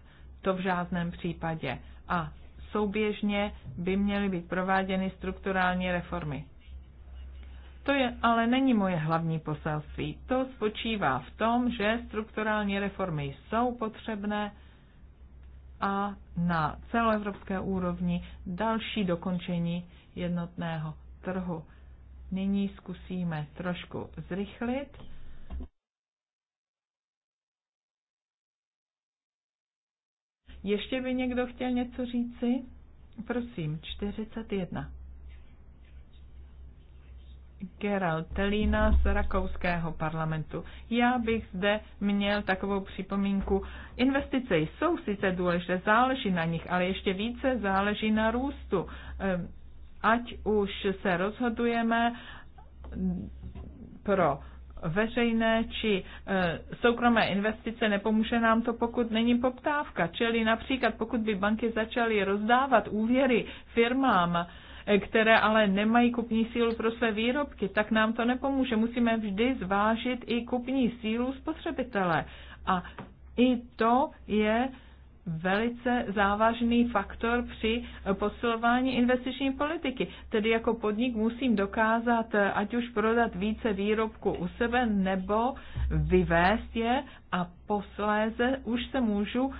To v žádném případě. A souběžně by měly být prováděny strukturální reformy. To je, ale není moje hlavní poselství. To spočívá v tom, že strukturální reformy jsou potřebné a na celoevropské úrovni další dokončení jednotného trhu. Nyní zkusíme trošku zrychlit. Ještě by někdo chtěl něco říci? Prosím, 41. Gerald Telína z rakouského parlamentu. Já bych zde měl takovou připomínku. Investice jsou sice důležité, záleží na nich, ale ještě více záleží na růstu. Ehm, ať už se rozhodujeme pro veřejné či e, soukromé investice, nepomůže nám to, pokud není poptávka. Čili například, pokud by banky začaly rozdávat úvěry firmám, e, které ale nemají kupní sílu pro své výrobky, tak nám to nepomůže. Musíme vždy zvážit i kupní sílu spotřebitele. A i to je velice závažný faktor při posilování investiční politiky. Tedy jako podnik musím dokázat, ať už prodat více výrobku u sebe, nebo vyvést je a posléze už se můžu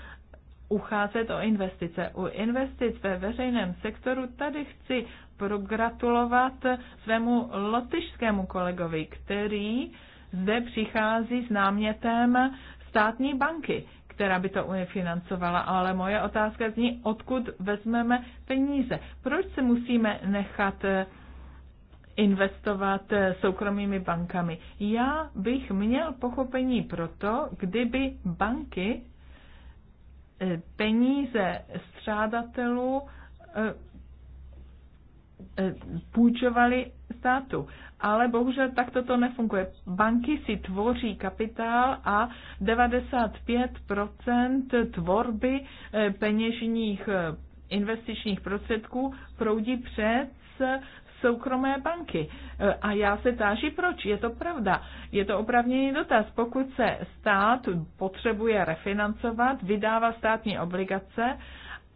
ucházet o investice. U investic ve veřejném sektoru tady chci progratulovat svému lotyšskému kolegovi, který zde přichází s námětem státní banky která by to Unie financovala, ale moje otázka zní, odkud vezmeme peníze. Proč se musíme nechat eh, investovat eh, soukromými bankami? Já bych měl pochopení proto, kdyby banky eh, peníze střádatelů Eh, půjčovali státu. Ale bohužel tak toto nefunguje. Banky si tvoří kapitál a 95% tvorby eh, peněžních eh, investičních prostředků proudí přes soukromé banky. A já se táží, proč. Je to pravda. Je to opravněný dotaz. Pokud se stát potřebuje refinancovat, vydává státní obligace,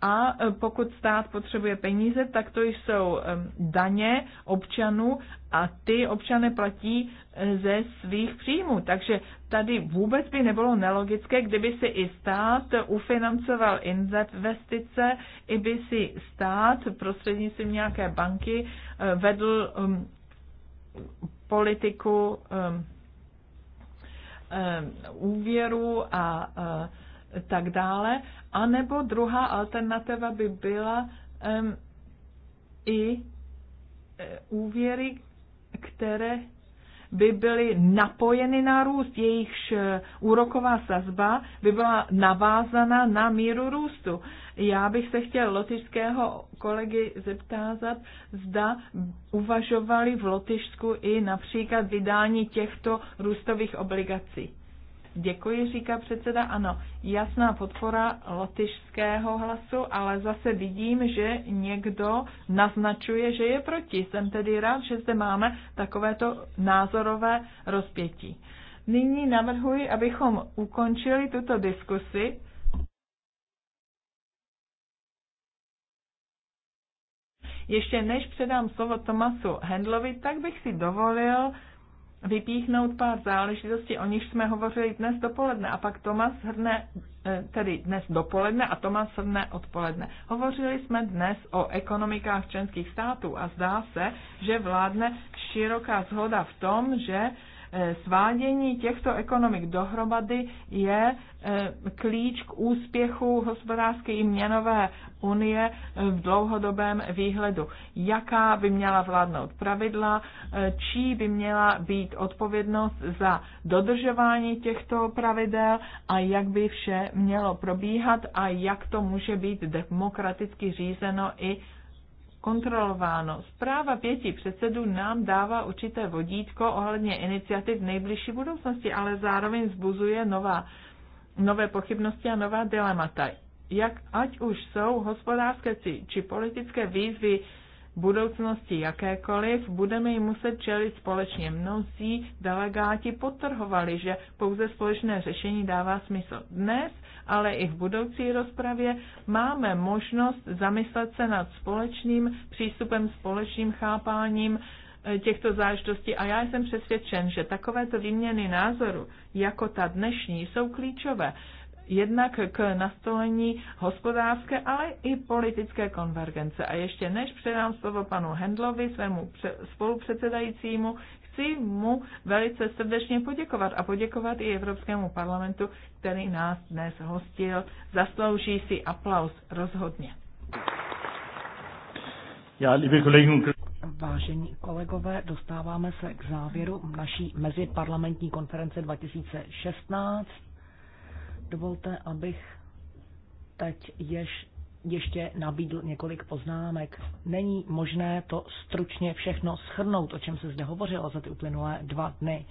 a e, pokud stát potřebuje peníze, tak to jsou e, daně občanů a ty občané platí e, ze svých příjmů. Takže tady vůbec by nebylo nelogické, kdyby si i stát ufinancoval investice, i by si stát prostřednictvím nějaké banky vedl um, politiku um, um, úvěru a uh, tak dále. A nebo druhá alternativa by byla um, i e, úvěry, které by byly napojeny na růst, jejichž e, úroková sazba by byla navázaná na míru růstu. Já bych se chtěl lotyšského kolegy zeptázat, zda uvažovali v Lotyšsku i například vydání těchto růstových obligací. Děkuji, říká předseda. Ano, jasná podpora lotyšského hlasu, ale zase vidím, že někdo naznačuje, že je proti. Jsem tedy rád, že zde máme takovéto názorové rozpětí. Nyní navrhuji, abychom ukončili tuto diskusi. Ještě než předám slovo Tomasu Hendlovi, tak bych si dovolil vypíchnout pár záležitostí, o nich jsme hovořili dnes dopoledne a pak Tomas hrne, eh, tedy dnes dopoledne a Tomas hrne odpoledne. Hovořili jsme dnes o ekonomikách členských států a zdá se, že vládne široká zhoda v tom, že Eh, svádění těchto ekonomik dohromady je eh, klíč k úspěchu hospodářské i měnové unie eh, v dlouhodobém výhledu. Jaká by měla vládnout pravidla, čí by měla být odpovědnost za dodržování těchto pravidel a jak by vše mělo probíhat a jak to může být demokraticky řízeno i kontrolováno. Zpráva pěti předsedů nám dává určité vodítko ohledně iniciativ v nejbližší budoucnosti, ale zároveň zbuzuje nová, nové pochybnosti a nová dilemata. Jak ať už jsou hospodářské či politické výzvy budoucnosti jakékoliv, budeme ji muset čelit společně. Mnozí delegáti potrhovali, že pouze společné řešení dává smysl. Dnes, ale i v budoucí rozpravě, máme možnost zamyslet se nad společným přístupem, společným chápáním eh, těchto záležitostí a já jsem přesvědčen, že takovéto výměny názoru, jako ta dnešní, jsou klíčové jednak k nastolení hospodářské, ale i politické konvergence. A ještě než předám slovo panu Hendlovi, svému spolupředsedajícímu, chci mu velice srdečně poděkovat a poděkovat i Evropskému parlamentu, který nás dnes hostil. Zaslouží si aplaus rozhodně.
Já,
Vážení kolegové, dostáváme se k závěru naší meziparlamentní konference 2016. Dovolte, abych teď jež, ještě nabídl několik poznámek. Není možné to stručně všechno schrnout, o čem se zde hovořilo za ty uplynulé dva dny.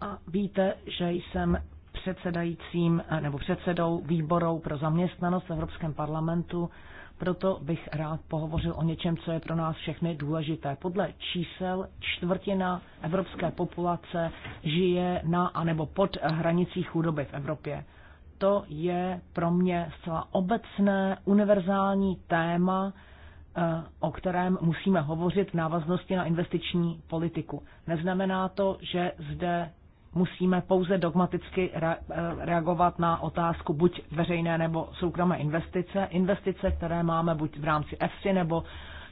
A víte, že jsem předsedajícím eh, nebo předsedou výborou pro zaměstnanost v Evropském parlamentu proto bych rád pohovořil o něčem, co je pro nás všechny důležité. Podle čísel čtvrtina evropské populace žije na anebo pod hranicí chudoby v Evropě. To je pro mě zcela obecné, univerzální téma, eh, o kterém musíme hovořit v návaznosti na investiční politiku. Neznamená to, že zde musíme pouze dogmaticky eh, reagovat na otázku buď veřejné nebo soukromé investice. Investice, které máme buď v rámci EFSI nebo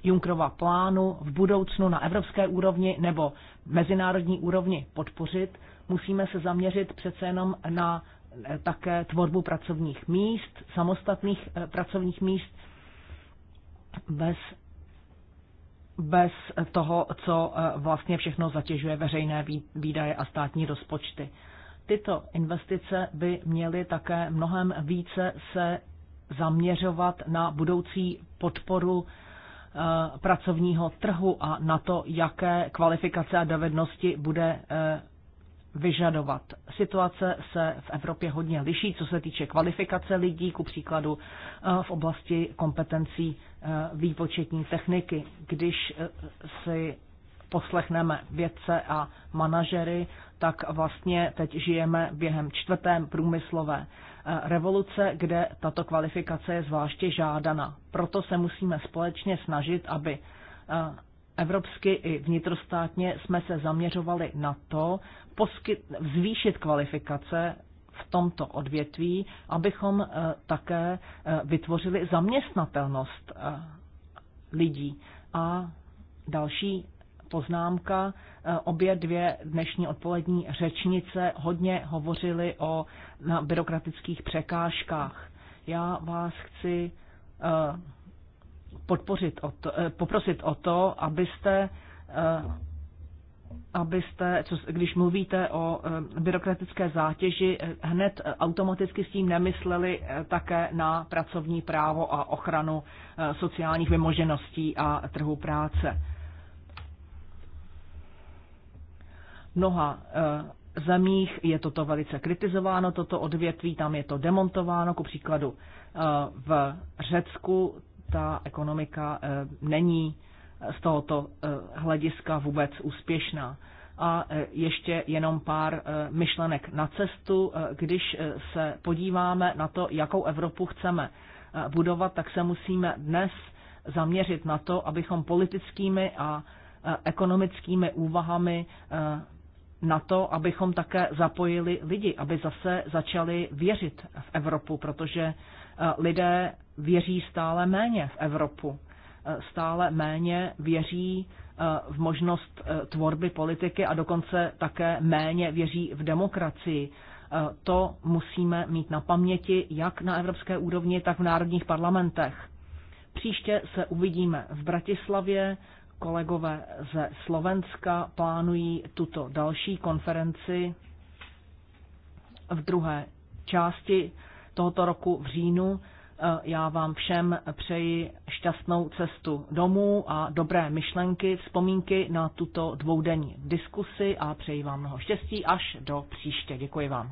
Junkrova plánu v budoucnu na evropské úrovni nebo mezinárodní úrovni podpořit, musíme se zaměřit přece jenom na eh, také tvorbu pracovních míst, samostatných eh, pracovních míst bez bez toho, co e, vlastně všechno zatěžuje veřejné výdaje a státní rozpočty. Tyto investice by měly také mnohem více se zaměřovat na budoucí podporu e, pracovního trhu a na to, jaké kvalifikace a dovednosti bude e, vyžadovat. Situace se v Evropě hodně liší, co se týče kvalifikace lidí, ku příkladu eh, v oblasti kompetencí eh, výpočetní techniky. Když eh, si poslechneme vědce a manažery, tak vlastně teď žijeme během čtvrtém průmyslové revoluce, kde tato kvalifikace je zvláště žádana. Proto se musíme společně snažit, aby evropsky i vnitrostátně jsme se zaměřovali na to, poskyt, zvýšit kvalifikace v tomto odvětví, abychom eh, také eh, vytvořili zaměstnatelnost eh, lidí. A další poznámka. Obě dvě dnešní odpolední řečnice hodně hovořily o na byrokratických překážkách. Já vás chci podpořit o to, eh, poprosit o to, abyste, eh, abyste co, když mluvíte o eh, byrokratické zátěži, hned automaticky s tím nemysleli také na pracovní právo a ochranu sociálních vymožeností a trhu práce. mnoha zemích je toto velice kritizováno, toto odvětví, tam je to demontováno, ku příkladu v Řecku ta ekonomika eh, není z tohoto eh, hlediska vůbec úspěšná. A eh, ještě jenom pár myšlenek na cestu. Když se podíváme na to, jakou Evropu chceme budovat, tak se musíme dnes zaměřit na to, abychom politickými a ekonomickými úvahami na to, abychom také zapojili lidi, aby zase začali věřit v Evropu, protože lidé věří stále méně v Evropu, eh, stále méně věří eh, v možnost eh, tvorby politiky a dokonce také méně věří v demokracii. To musíme mít na paměti jak na evropské úrovni, tak v národních parlamentech. Příště se uvidíme v Bratislavě. Kolegové ze Slovenska plánují tuto další konferenci v druhé části tohoto roku v říjnu. E, já vám všem přeji šťastnou cestu domů a dobré myšlenky, vzpomínky na tuto dvoudenní diskusi a přeji vám mnoho štěstí až do příště. Děkuji vám.